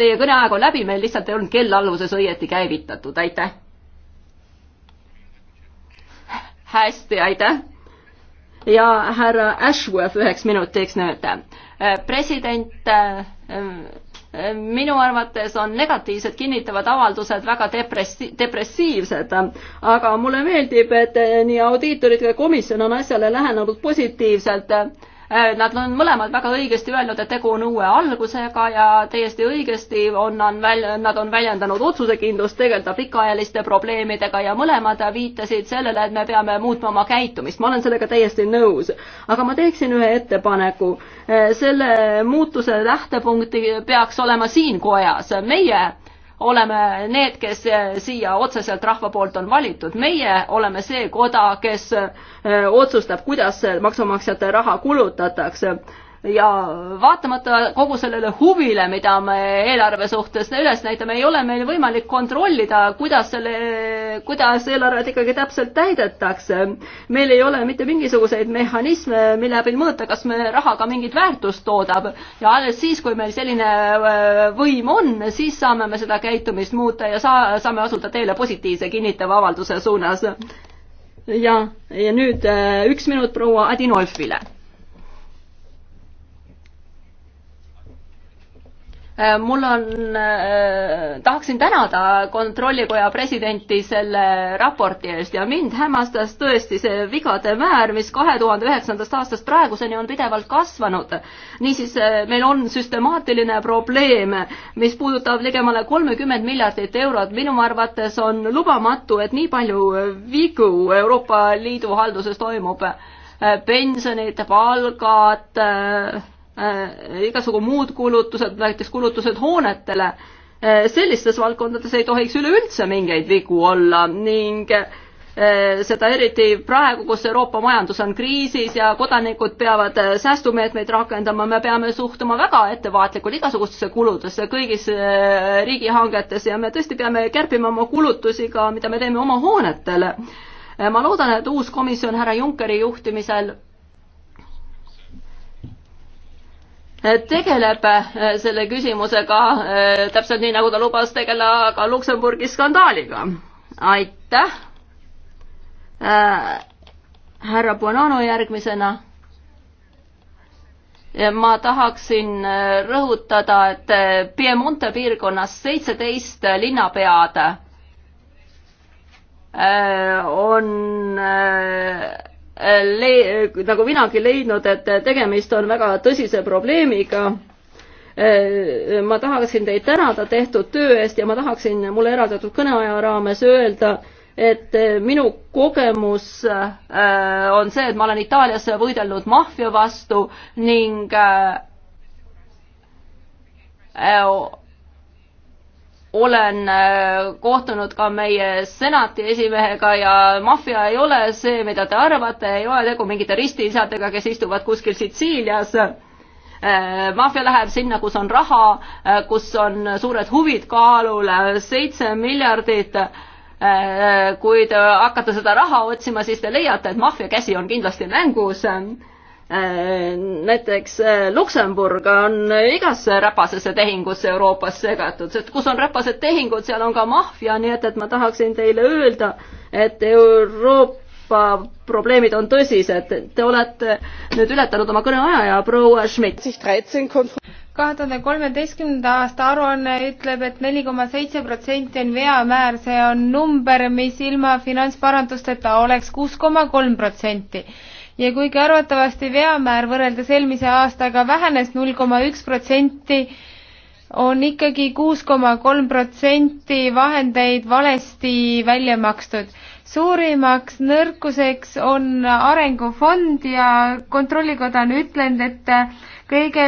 teie kõneaeg on läbi, meil lihtsalt ei olnud kell alluses õieti käivitatud, aitäh. hästi, aitäh. ja härra Ashworth üheks minutiks nüüd. president minu arvates on negatiivsed kinnitavad avaldused väga depressi-, depressiivsed, aga mulle meeldib, et nii audiitorid kui komisjon on asjale lähenenud positiivselt Äh, nad on mõlemad väga õigesti öelnud, et tegu on uue algusega ja täiesti õigesti on nad väl-, nad on väljendanud otsusekindlust tegeleda pikaajaliste probleemidega ja mõlemad viitasid sellele, et me peame muutma oma käitumist. ma olen sellega täiesti nõus. aga ma teeksin ühe ettepaneku. Äh, selle muutuse lähtepunkti peaks olema siin kojas. meie oleme need, kes eh, siia otseselt rahva poolt on valitud. meie oleme see koda, kes eh, otsustab, kuidas maksumaksjate raha kulutatakse ja vaatamata kogu sellele huvile, mida me eelarve suhtes üles näitame, ei ole meil võimalik kontrollida, kuidas selle, kuidas eelarvet ikkagi täpselt täidetakse. meil ei ole mitte mingisuguseid mehhanisme, mille abil mõõta, kas me rahaga mingit väärtust toodab ja alles siis, kui meil selline äh, võim on, siis saame me seda käitumist muuta ja saa-, saame asuda teele positiivse kinnitava avalduse suunas. ja, ja nüüd äh, üks minut proua Adinolfile Äh, mul on, äh, tahaksin tänada Kontrollikoja presidenti selle raporti eest ja mind hämmastas tõesti see vigade määr, mis kahe tuhande üheksandast aastast praeguseni on pidevalt kasvanud. niisiis, äh, meil on süstemaatiline probleem, mis puudutab ligemale kolmekümmend miljardit eurot. minu arvates on lubamatu, et nii palju vigu Euroopa Liidu halduses toimub. pensionid, palgad Äh, igasugu muud kulutused, näiteks kulutused hoonetele, äh, sellistes valdkondades ei tohiks üleüldse mingeid vigu olla ning äh, seda eriti praegu, kus Euroopa majandus on kriisis ja kodanikud peavad säästumeetmeid rakendama, me peame suhtuma väga ettevaatlikult igasugustesse kuludesse kõigis riigihangetes ja me tõesti peame kärpima oma kulutusi ka, mida me teeme oma hoonetele. ma loodan, et uus komisjon härra Junckeri juhtimisel tegeleb äh, selle küsimusega äh, täpselt nii, nagu ta lubas tegeleda ka Luksemburgi skandaaliga. aitäh äh,. härra Bonanno järgmisena. ma tahaksin äh, rõhutada, et Piemonte piirkonnas seitseteist linnapead äh, on äh, le-, nagu minagi leidnud, et tegemist on väga tõsise probleemiga. ma tahaksin teid tänada tehtud töö eest ja ma tahaksin mulle eraldatud kõneaja raames öelda, et minu kogemus äh, on see, et ma olen Itaalias võidelnud maffia vastu ning äh, äh, olen äh, kohtunud ka meie senati esimehega ja maffia ei ole see, mida te arvate, ei ole tegu mingite ristiisadega, kes istuvad kuskil Sitsiilias. Äh, maffia läheb sinna, kus on raha, äh, kus on suured huvid kaalul, seitse miljardit. kui te hakkate seda raha otsima, siis te leiate, et maffia käsi on kindlasti mängus Äh, näiteks äh, Luksemburg on igasse räpasesse tehingusse Euroopas segatud, sest kus on räpased tehingud, seal on ka maffia, nii et, et ma tahaksin teile öelda, et Euroopa probleemid on tõsised. Te olete nüüd ületanud oma kõneaja ja proua Schmidt. kahe tuhande kolmeteistkümnenda aasta aruanne ütleb et, et neli koma seitse protsenti on veamäär, see on number, mis ilma finantsparandusteta oleks kuus koma kolm protsenti ja kuigi arvatavasti veamäär võrreldes eelmise aastaga vähenes null koma üks protsenti, on ikkagi kuus koma kolm protsenti vahendeid valesti välja makstud. suurimaks nõrkuseks on arengufond ja Kontrollikoda on ütlenud, et kõige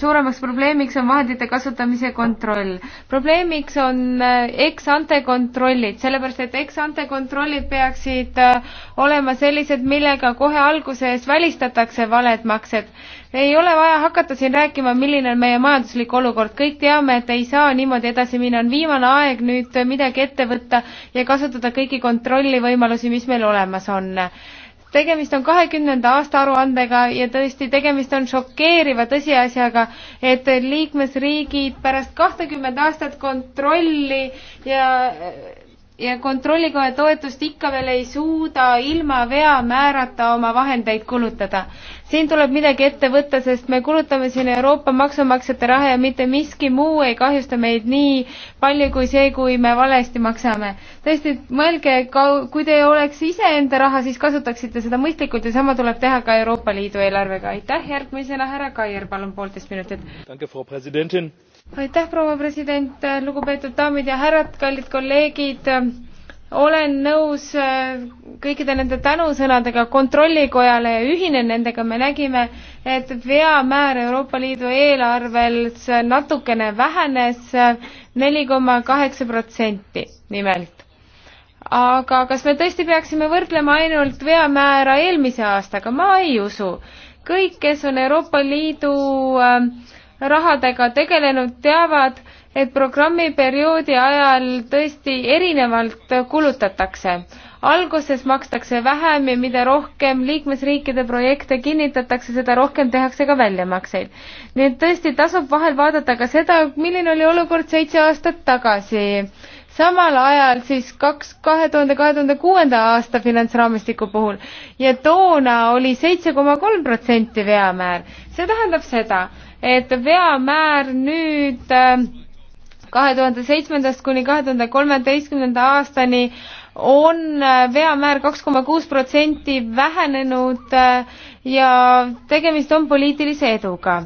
suuremaks probleemiks on vahendite kasutamise kontroll. probleemiks on äh, ex-ante kontrollid, sellepärast et ex-ante kontrollid peaksid äh, olema sellised, millega kohe alguses välistatakse valed maksed ei ole vaja hakata siin rääkima, milline on meie majanduslik olukord, kõik teame, et ei saa niimoodi edasi minna, on viimane aeg nüüd midagi ette võtta ja kasutada kõiki kontrollivõimalusi, mis meil olemas on tegemist on kahekümnenda aasta aruandega ja tõesti, tegemist on šokeeriva tõsiasjaga, et liikmesriigid pärast kahtekümmet aastat kontrolli ja ja kontrollikoja toetust ikka veel ei suuda ilma vea määrata oma vahendeid kulutada. siin tuleb midagi ette võtta, sest me kulutame siin Euroopa maksumaksjate raha ja mitte miski muu ei kahjusta meid nii palju kui see, kui me valesti maksame. tõesti, mõelge, kui te oleks iseenda raha, siis kasutaksite seda mõistlikult ja sama tuleb teha ka Euroopa Liidu eelarvega. aitäh, järgmisena härra Kaier, palun poolteist minutit aitäh, proua president, lugupeetud daamid ja härrad, kallid kolleegid. olen nõus äh, kõikide nende tänusõnadega Kontrollikojale ja ühinen nendega, me nägime, et veamäär Euroopa Liidu eelarvelt natukene vähenes, neli koma kaheksa protsenti nimelt aga kas me tõesti peaksime võrdlema ainult veamäära eelmise aastaga, ma ei usu. kõik, kes on Euroopa Liidu äh, rahadega tegelenud, teavad, et programmiperioodi ajal tõesti erinevalt kulutatakse. alguses makstakse vähem ja mida rohkem liikmesriikide projekte kinnitatakse, seda rohkem tehakse ka väljamakseid. nii et tõesti tasub vahel vaadata ka seda, milline oli olukord seitse aastat tagasi samal ajal siis kaks, kahe tuhande, kahe tuhande kuuenda aasta finantsraamistiku puhul ja toona oli seitse koma kolm protsenti veamäär. see tähendab seda, et veamäär nüüd äh, kahe tuhande seitsmendast kuni kahe tuhande kolmeteistkümnenda aastani on äh, veamäär kaks koma kuus protsenti vähenenud äh, ja tegemist on poliitilise eduga.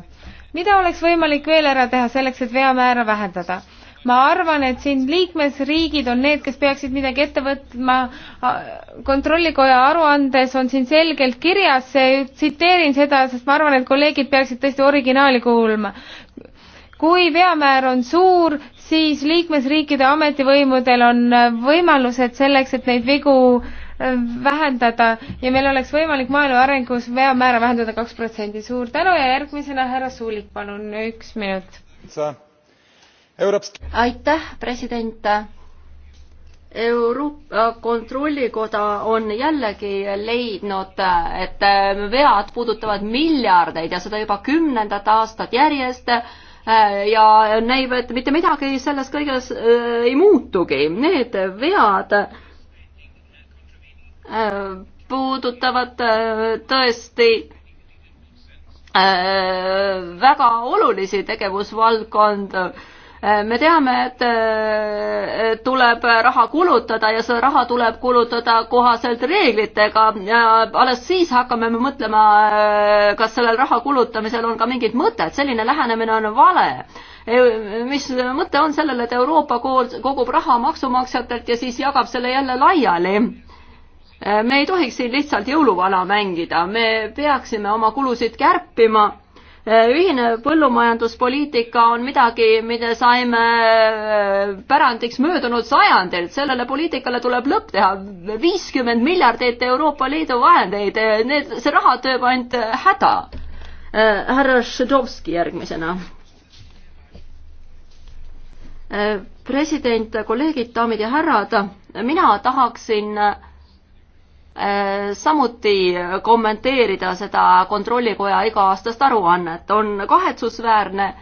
mida oleks võimalik veel ära teha selleks, et veamäära vähendada? ma arvan, et siin liikmesriigid on need, kes peaksid midagi ette võtma. kontrollikoja aruandes on siin selgelt kirjas, tsiteerin seda, sest ma arvan, et kolleegid peaksid tõesti originaali kuulma. kui veamäär on suur, siis liikmesriikide ametivõimudel on võimalused selleks, et neid vigu äh, vähendada ja meil oleks võimalik maaelu arengus veamäära vähendada kaks protsendi. suur tänu ja järgmisena härra Suulik, palun üks minut aitäh, president. Euroopa Kontrollikoda on jällegi leidnud, et vead puudutavad miljardeid ja seda juba kümnendat aastat järjest ja näib, et mitte midagi selles kõiges äh, ei muutugi. Need vead äh, puudutavad äh, tõesti väga olulisi tegevusvaldkondi Äh, me teame, et äh, tuleb raha kulutada ja seda raha tuleb kulutada kohaselt reeglitega ja alles siis hakkame me mõtlema, äh, kas sellel raha kulutamisel on ka mingit mõtet, selline lähenemine on vale mis mõte on sellel, et Euroopa kogub raha maksumaksjatelt ja siis jagab selle jälle laiali? me ei tohiks siin lihtsalt jõuluvana mängida, me peaksime oma kulusid kärpima ühine põllumajanduspoliitika on midagi, mida saime äh, pärandiks möödunud sajandilt, sellele poliitikale tuleb lõpp teha. viiskümmend miljardit Euroopa Liidu vahendeid, need, see raha tööb ainult häda. Äh, härra Šedovski järgmisena. Äh, president, kolleegid, daamid ja härrad, mina tahaksin Äh, samuti kommenteerida seda Kontrollikoja iga-aastast aruannet. on kahetsusväärne,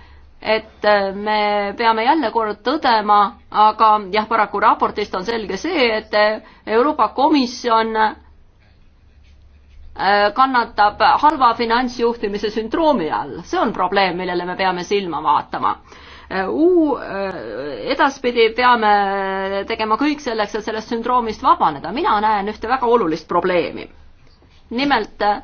et äh, me peame jälle kord tõdema, aga jah, paraku raportist on selge see, et äh, Euroopa Komisjon kannatab halva finantsjuhtimise sündroomi all. see on probleem, millele me peame silma vaatama Äh, uu-, äh, edaspidi peame tegema kõik selleks, et sellest sündroomist vabaneda. mina näen ühte väga olulist probleemi. nimelt äh,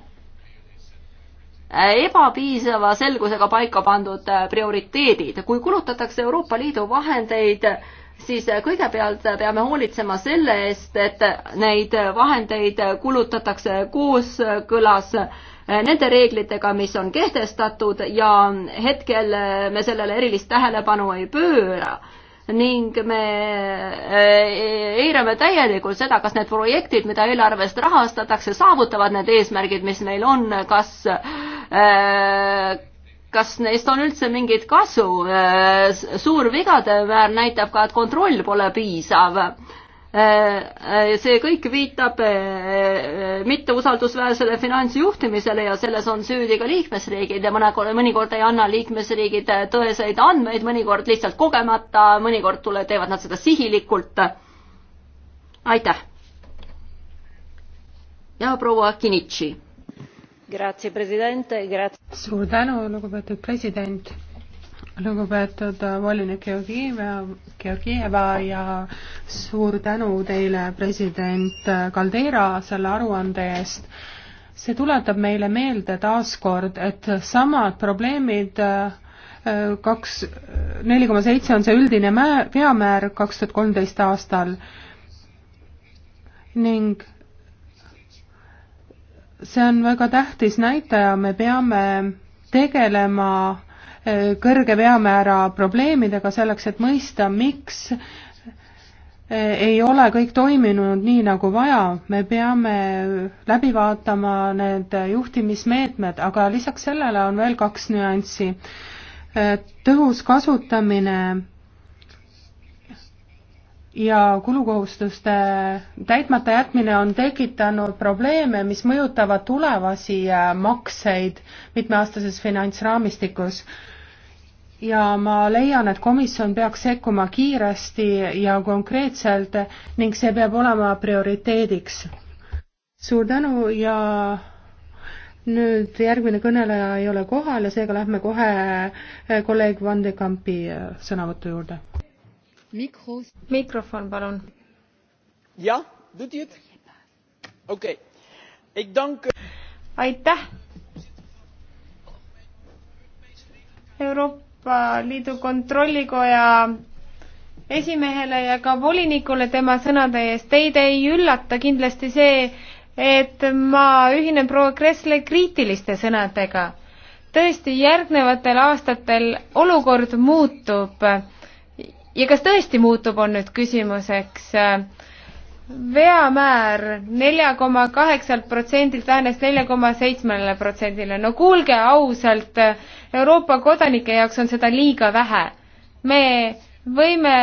ebapiisava selgusega paika pandud prioriteedid. kui kulutatakse Euroopa Liidu vahendeid, siis kõigepealt peame hoolitsema selle eest, et neid vahendeid kulutatakse kooskõlas Äh, nende reeglitega, mis on kehtestatud ja hetkel äh, me sellele erilist tähelepanu ei pööra ning me äh, eirame täielikult seda, kas need projektid, mida eelarvest rahastatakse, saavutavad need eesmärgid, mis meil on, kas kas neist on üldse mingit kasu? suur vigade määr näitab ka, et kontroll pole piisav Äh, äh, see kõik viitab äh, mitteusaldusväärsele finantsjuhtimisele ja selles on süüdi ka liikmesriigid ja mõnekord, mõnikord ei anna liikmesriigid tõeseid andmeid, mõnikord lihtsalt kogemata, mõnikord tule-, teevad nad seda sihilikult. aitäh. ja proua Kinitši. suur tänu, lugupeetud president lugupeetud äh, volinik Georgieva ja suur tänu teile, president äh, Caldera, selle aruande eest. see tuletab meile meelde taaskord, et samad probleemid äh, kaks, neli koma seitse on see üldine määr, veamäär kaks tuhat kolmteist aastal ning see on väga tähtis näitaja, me peame tegelema kõrge veamäära probleemidega selleks, et mõista, miks eh, ei ole kõik toiminud nii, nagu vaja, me peame läbi vaatama need juhtimismeetmed, aga lisaks sellele on veel kaks nüanssi. Eh, tõhus kasutamine ja kulukohustuste täitmata jätmine on tekitanud probleeme, mis mõjutavad tulevasi äh, makseid mitmeaastases finantsraamistikus. ja ma leian, et komisjon peaks sekkuma kiiresti ja konkreetselt ning see peab olema prioriteediks. suur tänu ja nüüd järgmine kõneleja ei ole kohal ja seega lähme kohe äh, kolleeg Vandekampi äh, sõnavõtu juurde mikrofon palun. jah, doet u het? oké okay., ik dank. Eh, aitäh. Euroopa Liidu Kontrollikoja esimehele ja ka volinikule tema sõnade eest. Teid ei üllata kindlasti see, et ma ühinen proua Kressle kriitiliste sõnadega. tõesti, järgnevatel aastatel olukord muutub ja kas tõesti muutub, on nüüd küsimuseks. veamäär nelja koma kaheksalt protsendilt lähenes nelja koma seitsmele protsendile. no kuulge ausalt, Euroopa kodanike jaoks on seda liiga vähe. me võime,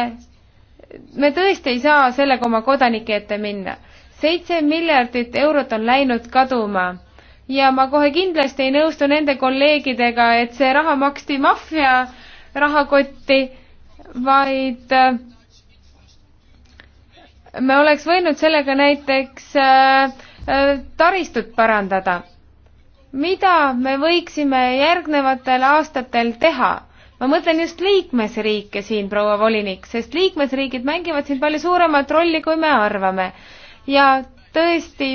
me tõesti ei saa sellega oma kodanike ette minna. seitse miljardit eurot on läinud kaduma ja ma kohe kindlasti ei nõustu nende kolleegidega, et see raha maksti maffia rahakotti vaid äh, me oleks võinud sellega näiteks äh, äh, taristut parandada. mida me võiksime järgnevatel aastatel teha? ma mõtlen just liikmesriike siin, proua volinik, sest liikmesriigid mängivad siin palju suuremat rolli, kui me arvame. ja tõesti,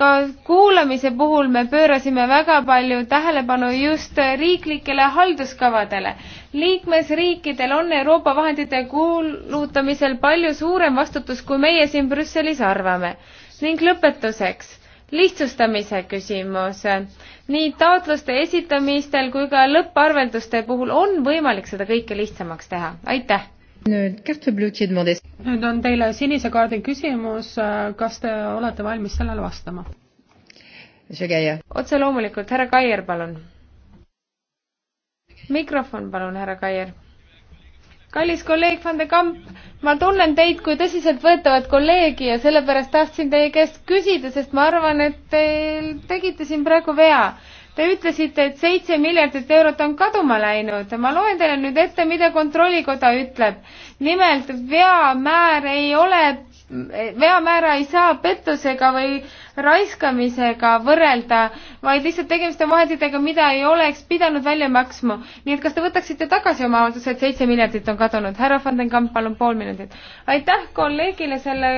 ka kuulamise puhul me pöörasime väga palju tähelepanu just riiklikele halduskavadele. liikmesriikidel on Euroopa vahendite kuulutamisel palju suurem vastutus, kui meie siin Brüsselis arvame. ning lõpetuseks lihtsustamise küsimus. nii taotluste esitamistel kui ka lõpparvelduste puhul on võimalik seda kõike lihtsamaks teha. aitäh! nüüd on teile sinise kaardi küsimus, kas te olete valmis sellele vastama? otse loomulikult, härra Kaier, palun. mikrofon palun, härra Kaier kallis kolleeg Van de Kamp, ma tunnen teid kui tõsiseltvõetavat kolleegi ja sellepärast tahtsin teie käest küsida, sest ma arvan, et te tegite siin praegu vea. Te ütlesite, et seitse miljardit eurot on kaduma läinud. ma loen teile nüüd ette, mida Kontrollikoda ütleb. nimelt veamäär ei ole, veamäära ei saa pettusega või raiskamisega võrrelda, vaid lihtsalt tegemist on vahenditega, mida ei oleks pidanud välja maksma. nii et kas te võtaksite tagasi oma avalduse, et seitse miljardit on kadunud? härra Vandenkamp, palun pool minutit. aitäh kolleegile selle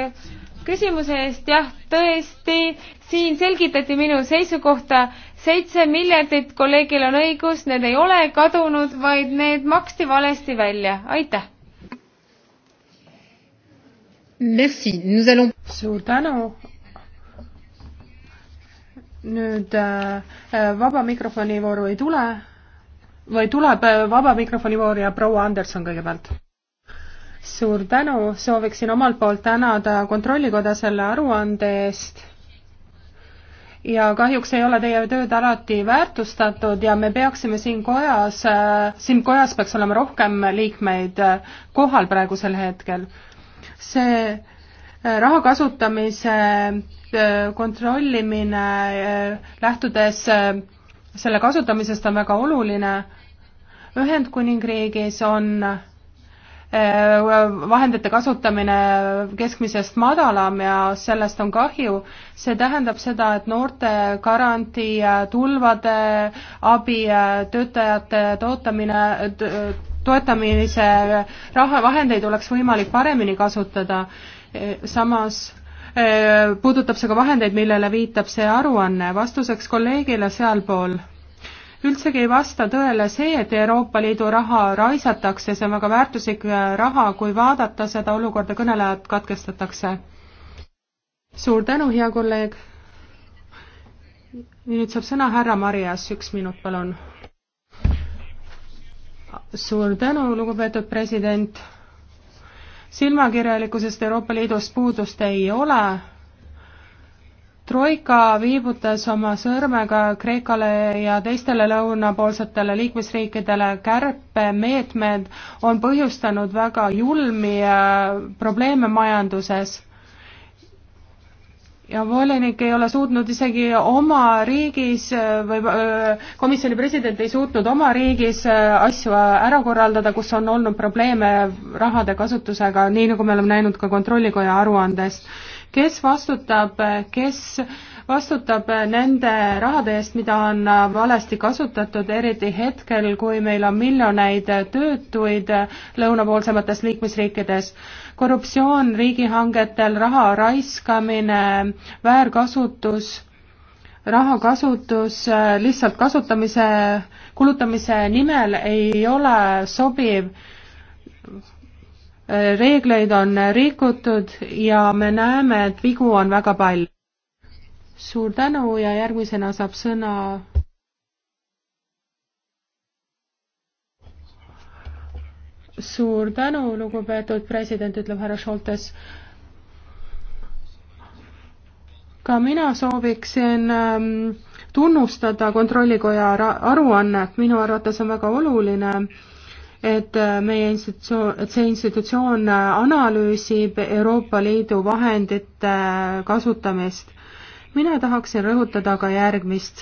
küsimuse eest, jah, tõesti, siin selgitati minu seisukohta seitse miljardit, kolleegil on õigus, need ei ole kadunud, vaid need maksti valesti välja, aitäh. Allons... suur tänu. nüüd äh, vaba mikrofoni vooru ei tule või tuleb äh, vaba mikrofoni voor ja proua Anderson kõigepealt suur tänu, sooviksin omalt poolt tänada Kontrollikoda selle aruande eest ja kahjuks ei ole teie tööd alati väärtustatud ja me peaksime siin kojas, siin kojas peaks olema rohkem liikmeid eh, kohal praegusel hetkel. see eh, raha kasutamise eh, kontrollimine, lähtudes selle kasutamisest, on väga oluline. Ühendkuningriigis on vahendite kasutamine keskmisest madalam ja sellest on kahju. see tähendab seda, et noorte garantii, tulvade abi, töötajate tootamine, toetamise rahavahendeid oleks võimalik paremini kasutada, samas eh, puudutab see ka vahendeid, millele viitab see aruanne, vastuseks kolleegile sealpool üldsegi ei vasta tõele see, et Euroopa Liidu raha raisatakse, see on väga väärtuslik äh, raha, kui vaadata seda olukorda, kõnelejad katkestatakse. suur tänu, hea kolleeg. nüüd saab sõna härra Marias, üks minut, palun. suur tänu, lugupeetud president silmakirjalikkusest Euroopa Liidus puudust ei ole troika viibutas oma sõrmega Kreekale ja teistele lõunapoolsetele liikmesriikidele kärpemeetmed on põhjustanud väga julmi äh, probleeme majanduses. ja volinik ei ole suutnud isegi oma riigis äh, või äh, komisjoni president ei suutnud oma riigis asju ära korraldada, kus on olnud probleeme rahade kasutusega, nii nagu me oleme näinud ka Kontrollikoja aruandest kes vastutab, kes vastutab nende rahade eest, mida on valesti kasutatud, eriti hetkel, kui meil on miljoneid töötuid lõunapoolsemates liikmesriikides. korruptsioon riigihangetel, raha raiskamine, väärkasutus rahakasutus lihtsalt kasutamise, kulutamise nimel ei ole sobiv reegleid on rikutud ja me näeme, et vigu on väga palju. suur tänu ja järgmisena saab sõna suur tänu, lugupeetud president, ütleb härra Šoltes. ka mina sooviksin ähm, tunnustada Kontrollikoja aruannet, minu arvates on väga oluline äh, et äh, meie institutsioon, et see institutsioon äh, analüüsib Euroopa Liidu vahendite äh, kasutamist. mina tahaksin rõhutada ka järgmist.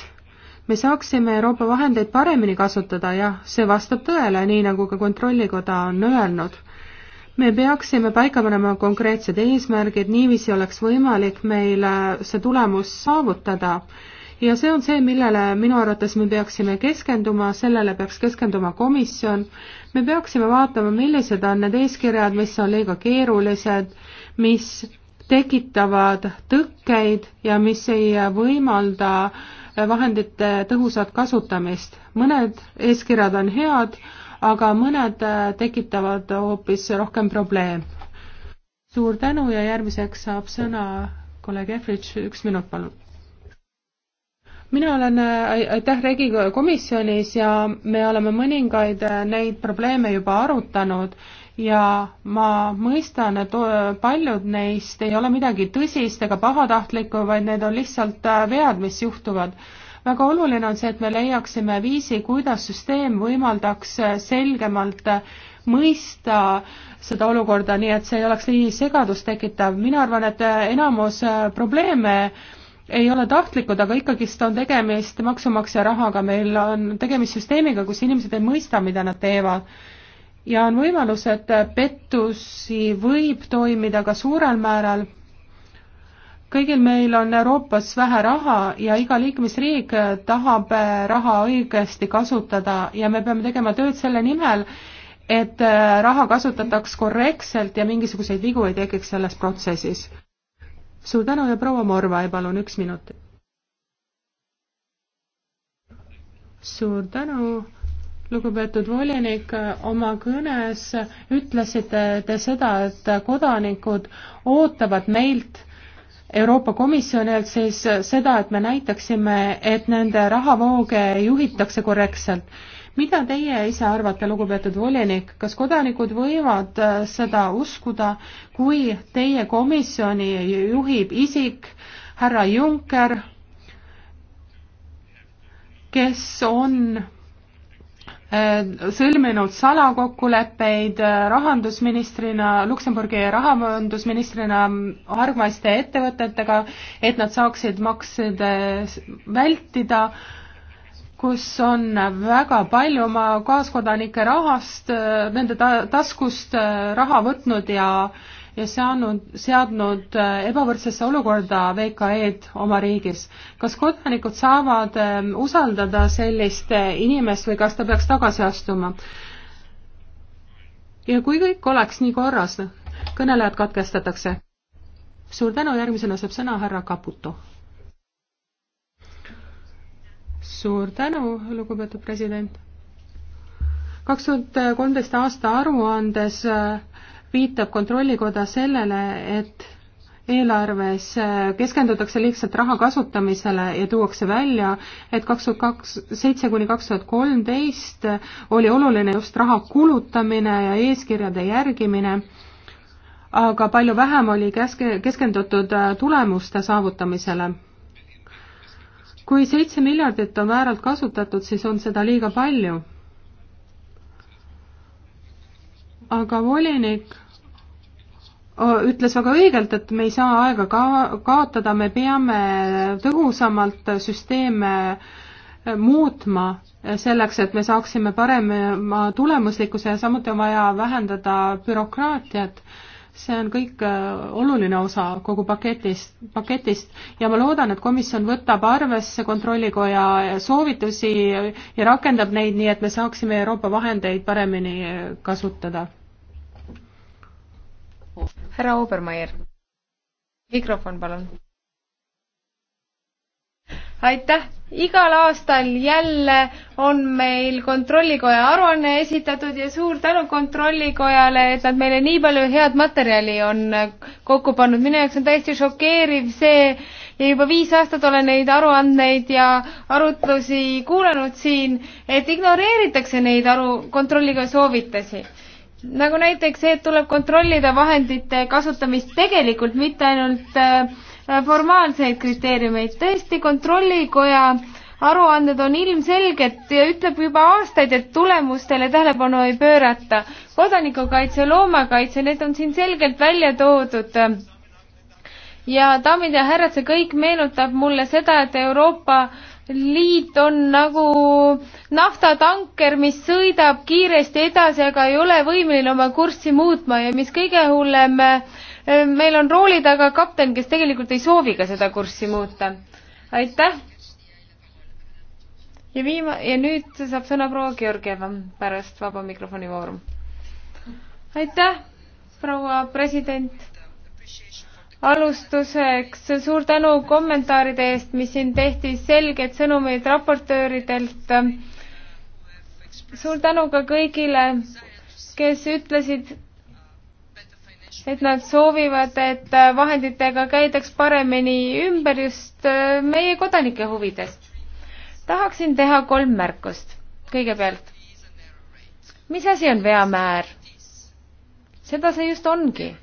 me saaksime Euroopa vahendeid paremini kasutada, jah, see vastab tõele, nii nagu ka Kontrollikoda on öelnud. me peaksime paika panema konkreetsed eesmärgid, niiviisi oleks võimalik meil see tulemus saavutada ja see on see, millele minu arvates me peaksime keskenduma, sellele peaks keskenduma komisjon, me peaksime vaatama, millised on need eeskirjad, mis on liiga keerulised, mis tekitavad tõkkeid ja mis ei võimalda vahendite tõhusat kasutamist. mõned eeskirjad on head, aga mõned tekitavad hoopis rohkem probleeme. suur tänu ja järgmiseks saab sõna kolleeg Efrits, üks minut palun mina olen, äh, aitäh, Regi komisjonis ja me oleme mõningaid äh, neid probleeme juba arutanud ja ma mõistan, et äh, paljud neist ei ole midagi tõsist ega pahatahtlikku, vaid need on lihtsalt vead, mis juhtuvad. väga oluline on see, et me leiaksime viisi, kuidas süsteem võimaldaks selgemalt mõista seda olukorda, nii et see ei oleks nii segadust tekitav. mina arvan, et enamus probleeme äh, ei ole tahtlikud, aga ikkagist on tegemist maksumaksja rahaga, meil on tegemist süsteemiga, kus inimesed ei mõista, mida nad teevad. ja on võimalus, et pettusi võib toimida ka suurel määral, kõigil meil on Euroopas vähe raha ja iga liikmesriik tahab raha õigesti kasutada ja me peame tegema tööd selle nimel, et raha kasutataks korrektselt ja mingisuguseid vigu ei tekiks selles protsessis suur tänu ja proua Morvai, palun üks minut. suur tänu, lugupeetud volinik, oma kõnes ütlesite te seda, et kodanikud ootavad meilt Euroopa Komisjonilt siis seda, et me näitaksime, et nende rahavooge juhitakse korrektselt mida teie ise arvate, lugupeetud volinik, kas kodanikud võivad äh, seda uskuda, kui teie komisjoni juhib isik, härra Juncker, kes on äh, sõlminud salakokkuleppeid äh, rahandusministrina, Luksemburgi rahandusministrina hargmaiste ettevõtetega, et nad saaksid makse vältida kus on väga palju oma kaaskodanike rahast, nende ta-, taskust äh, raha võtnud ja ja saanud, seadnud äh, ebavõrdsesse olukorda VKE-d oma riigis. kas kodanikud saavad ähm, usaldada sellist äh, inimest või kas ta peaks tagasi astuma? ja kui kõik oleks nii korras, kõnelejad katkestatakse. suur tänu, järgmisena saab sõna härra Caputo suur tänu, lugupeetud president. kaks tuhat kolmteist aasta aruandes äh, viitab Kontrollikoda sellele, et eelarves äh, keskendutakse lihtsalt raha kasutamisele ja tuuakse välja, et kaks tuhat kaks, seitse kuni kaks tuhat kolmteist oli oluline just raha kulutamine ja eeskirjade järgimine, aga palju vähem oli keske, keskendutud äh, tulemuste saavutamisele kui seitse miljardit on vääralt kasutatud, siis on seda liiga palju. aga volinik ütles väga õigelt, et me ei saa aega ka-, kaotada, me peame tõhusamalt süsteeme muutma selleks, et me saaksime parema tulemuslikkuse ja samuti on vaja vähendada bürokraatiat see on kõik äh, oluline osa kogu paketist, paketist ja ma loodan, et komisjon võtab arvesse Kontrollikoja soovitusi ja rakendab neid nii, et me saaksime Euroopa vahendeid paremini äh, kasutada. härra Obermeier, mikrofon palun aitäh! igal aastal jälle on meil Kontrollikoja aruanne esitatud ja suur tänu Kontrollikojale, et nad meile nii palju head materjali on kokku pannud. minu jaoks on täiesti šokeeriv see ja juba viis aastat olen neid aruandeid ja arutlusi kuulanud siin, et ignoreeritakse neid aru, Kontrollikoja soovitusi nagu näiteks see, et tuleb kontrollida vahendite kasutamist tegelikult, mitte ainult äh, Äh, formaalseid kriteeriumeid. tõesti, Kontrollikoja aruanded on ilmselged ja ütleb juba aastaid, et tulemustele tähelepanu ei pöörata. kodanikukaitse, loomakaitse, need on siin selgelt välja toodud ja daamid ja härrad, see kõik meenutab mulle seda, et Euroopa Liit on nagu naftatanker, mis sõidab kiiresti edasi, aga ei ole võimeline oma kurssi muutma ja mis kõige hullem äh, Ehm, meil on rooli taga kapten, kes tegelikult ei soovi ka seda kurssi muuta. aitäh! ja viima- ja nüüd saab sõna proua Georgieva pärast Vaba Mikrofoni vooru. aitäh, proua president! alustuseks suur tänu kommentaaride eest, mis siin tehti, selged sõnumid raportööridelt. suur tänu ka kõigile, kes ütlesid, et nad soovivad, et äh, vahenditega käidaks paremini ümber just äh, meie kodanike huvides. tahaksin teha kolm märkust. kõigepealt, mis asi on veamäär? seda see just ongi,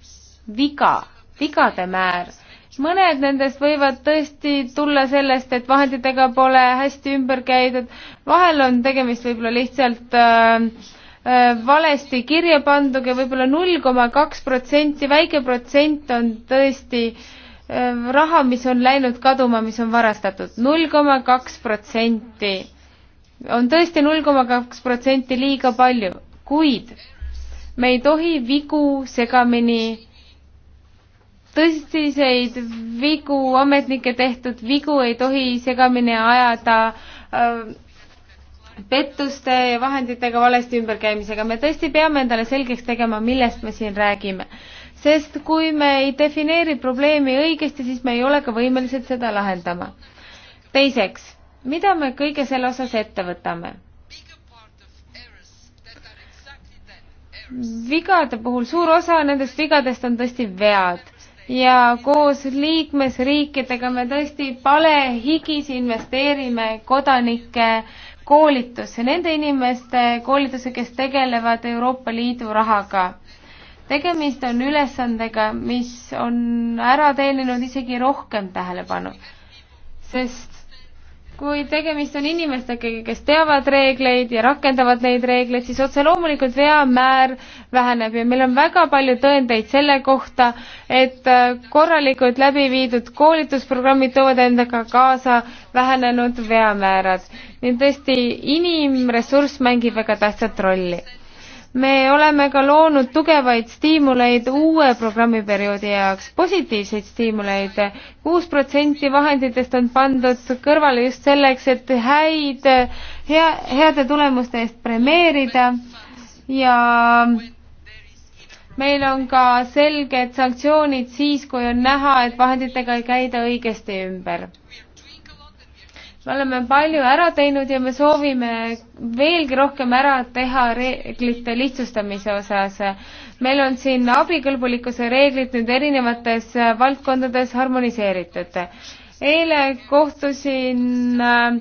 viga, vigade määr. mõned nendest võivad tõesti tulla sellest, et vahenditega pole hästi ümber käidud, vahel on tegemist võib-olla lihtsalt äh, Äh, valesti kirja pandud ja võib-olla null koma kaks protsenti, väike protsent on tõesti äh, raha, mis on läinud kaduma, mis on varastatud. null koma kaks protsenti on tõesti null koma kaks protsenti liiga palju, kuid me ei tohi vigu segamini, tõsiseid vigu, ametnike tehtud vigu ei tohi segamini ajada äh, pettuste ja vahenditega valesti ümberkäimisega, me tõesti peame endale selgeks tegema, millest me siin räägime. sest kui me ei defineeri probleemi õigesti, siis me ei ole ka võimelised seda lahendama. teiseks, mida me kõige selle osas ette võtame? vigade puhul suur osa nendest vigadest on tõesti vead ja koos liikmesriikidega me tõesti palehigis investeerime kodanike äh, koolitusse, nende inimeste koolitusse, kes tegelevad Euroopa Liidu rahaga. tegemist on ülesandega, mis on ära teeninud isegi rohkem tähelepanu, sest kui tegemist on inimestega, kes teavad reegleid ja rakendavad neid reegleid, siis otse loomulikult veamäär väheneb ja meil on väga palju tõendeid selle kohta, et äh, korralikult läbi viidud koolitusprogrammid toovad endaga kaasa vähenenud veamäärad. nii tõesti, inimressurss mängib väga tähtsat rolli me oleme ka loonud tugevaid stiimuleid uue programmiperioodi jaoks, positiivseid stiimuleid. kuus protsenti vahenditest on pandud kõrvale just selleks, et häid, hea, heade tulemuste eest premeerida ja meil on ka selged sanktsioonid siis, kui on näha, et vahenditega ei käida õigesti ümber me oleme palju ära teinud ja me soovime veelgi rohkem ära teha reeglite lihtsustamise osas. meil on siin abikõlbulikkuse reeglid nüüd erinevates valdkondades harmoniseeritud. eile kohtusin äh,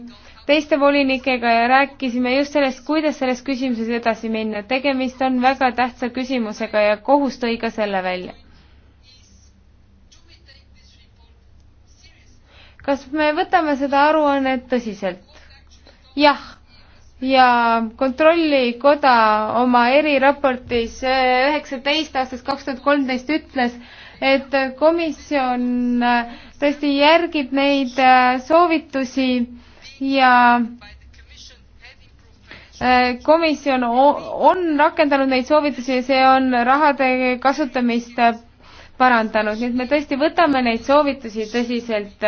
teiste volinikega ja rääkisime just sellest, kuidas selles küsimuses edasi minna. tegemist on väga tähtsa küsimusega ja kohus tõi ka selle välja kas me võtame seda aruannet tõsiselt? jah. ja Kontrollikoda oma eriraportis eh, üheksateist aastast kaks tuhat kolmteist ütles, et komisjon eh, tõesti järgib neid eh, soovitusi ja komisjon on rakendanud neid soovitusi ja see on rahade kasutamist parandanud, nii et me tõesti võtame neid soovitusi tõsiselt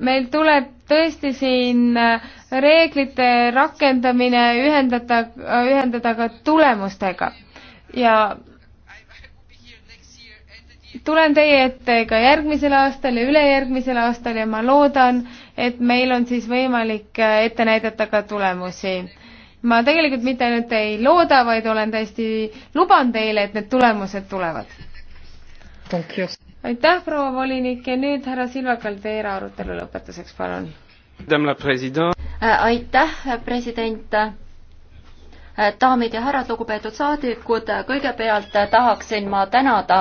meil tuleb tõesti siin äh, reeglite rakendamine ühendada, äh, ühendada ka tulemustega ja tulen teie ette ka järgmisel aastal ja ülejärgmisel aastal ja ma loodan, et meil on siis võimalik äh, ette näidata ka tulemusi. ma tegelikult mitte ainult ei looda, vaid olen täiesti, luban teile, et need tulemused tulevad aitäh, proua volinik ja nüüd härra Silva Caldeira arutelu lõpetuseks, palun. Äh, aitäh, president äh, daamid ja härrad, lugupeetud saadikud, kõigepealt tahaksin ma tänada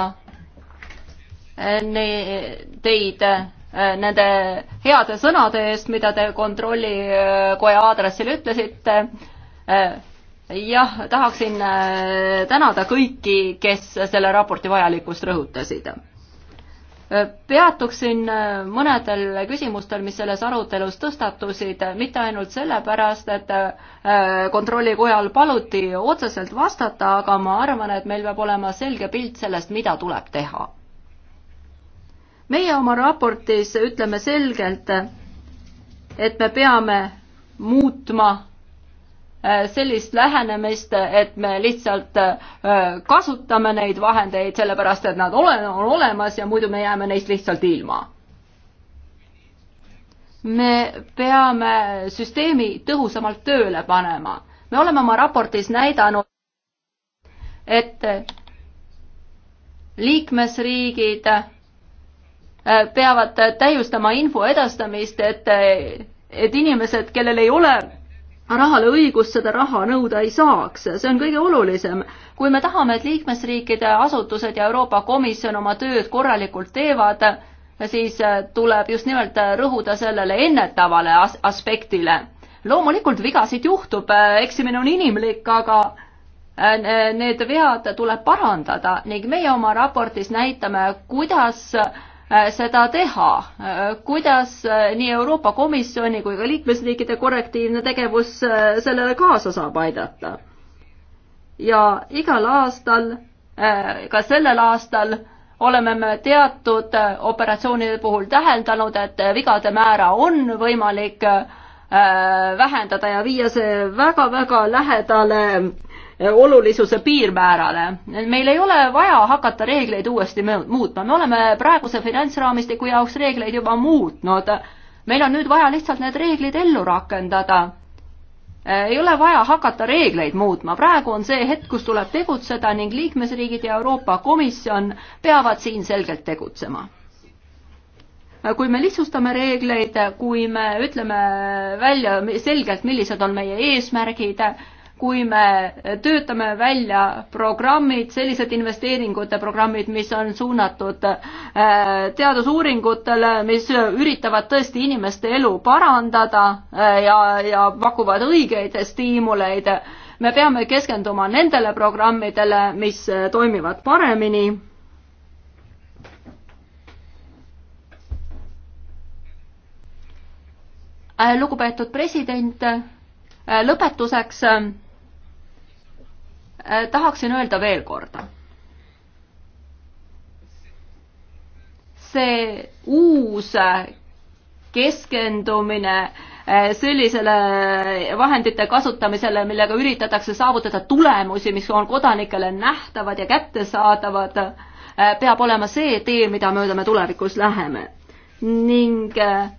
äh, teid nende heade sõnade eest, mida te kontrollikoja aadressil ütlesite. jah, tahaksin tänada kõiki, kes selle raporti vajalikkust rõhutasid peatuksin äh, mõnedel küsimustel, mis selles arutelus tõstatusid, mitte ainult sellepärast, et äh, kontrollikojal paluti otseselt vastata, aga ma arvan, et meil peab olema selge pilt sellest, mida tuleb teha. meie oma raportis ütleme selgelt, et me peame muutma Äh, sellist lähenemist, et me lihtsalt äh, kasutame neid vahendeid sellepärast, et nad ole, on olemas ja muidu me jääme neist lihtsalt ilma. me peame süsteemi tõhusamalt tööle panema. me oleme oma raportis näidanud, et liikmesriigid äh, peavad täiustama info edastamist, et, et inimesed, kellel ei ole rahale õigust seda raha nõuda ei saaks, see on kõige olulisem. kui me tahame, et liikmesriikide asutused ja Euroopa Komisjon oma tööd korralikult teevad, siis tuleb just nimelt rõhuda sellele ennetavale as aspektile. loomulikult vigasid juhtub, eksimine on inimlik, aga äh, need vead tuleb parandada ning meie oma raportis näitame, kuidas Äh, seda teha. Äh, kuidas äh, nii Euroopa Komisjoni kui ka liikmesriikide korrektiivne tegevus sellele kaasa saab aidata? ja igal aastal, ka sellel aastal oleme me teatud operatsioonide puhul täheldanud, et vigade määra on võimalik vähendada ja viia see väga-väga lähedale Äh, olulisuse piirmäärale. meil ei ole vaja hakata reegleid uuesti muutma, me oleme praeguse finantsraamistiku jaoks reegleid juba muutnud. meil on nüüd vaja lihtsalt need reeglid ellu rakendada. Äh, ei ole vaja hakata reegleid muutma, praegu on see hetk, kus tuleb tegutseda ning liikmesriigid ja Euroopa Komisjon peavad siin selgelt tegutsema äh, kui me lihtsustame reegleid, kui me ütleme välja selgelt, millised on meie eesmärgid, kui me töötame välja programmid, sellised investeeringute programmid, mis on suunatud äh, teadusuuringutele, mis üritavad tõesti inimeste elu parandada äh, ja, ja pakuvad õigeid stiimuleid, me peame keskenduma nendele programmidele, mis toimivad paremini äh, lugupeetud president, lõpetuseks Äh, tahaksin öelda veel korda. see uus keskendumine äh, sellisele vahendite kasutamisele, millega üritatakse saavutada tulemusi, mis on kodanikele nähtavad ja kättesaadavad, äh, peab olema see tee, mida mööda me tulevikus läheme. ning äh,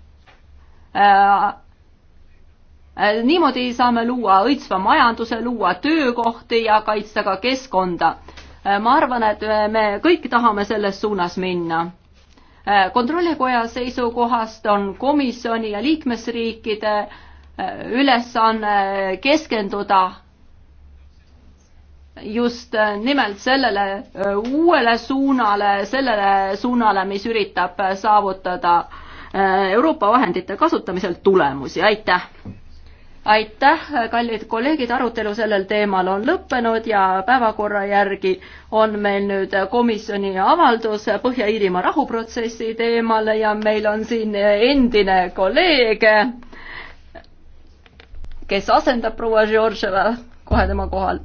Äh, niimoodi saame luua õitsva majanduse, luua töökohti ja kaitsta ka keskkonda. Äh, ma arvan, et äh, me kõik tahame selles suunas minna. kontrollikoja seisukohast on komisjoni ja liikmesriikide ülesanne keskenduda just nimelt sellele uuele suunale, sellele suunale, mis üritab saavutada Euroopa vahendite kasutamiselt tulemusi, aitäh! aitäh, kallid kolleegid, arutelu sellel teemal on lõppenud ja päevakorra järgi on meil nüüd komisjoni avaldus Põhja-Iirimaa rahuprotsessi teemal ja meil on siin endine kolleeg, kes asendab proua Georgieva kohe tema kohal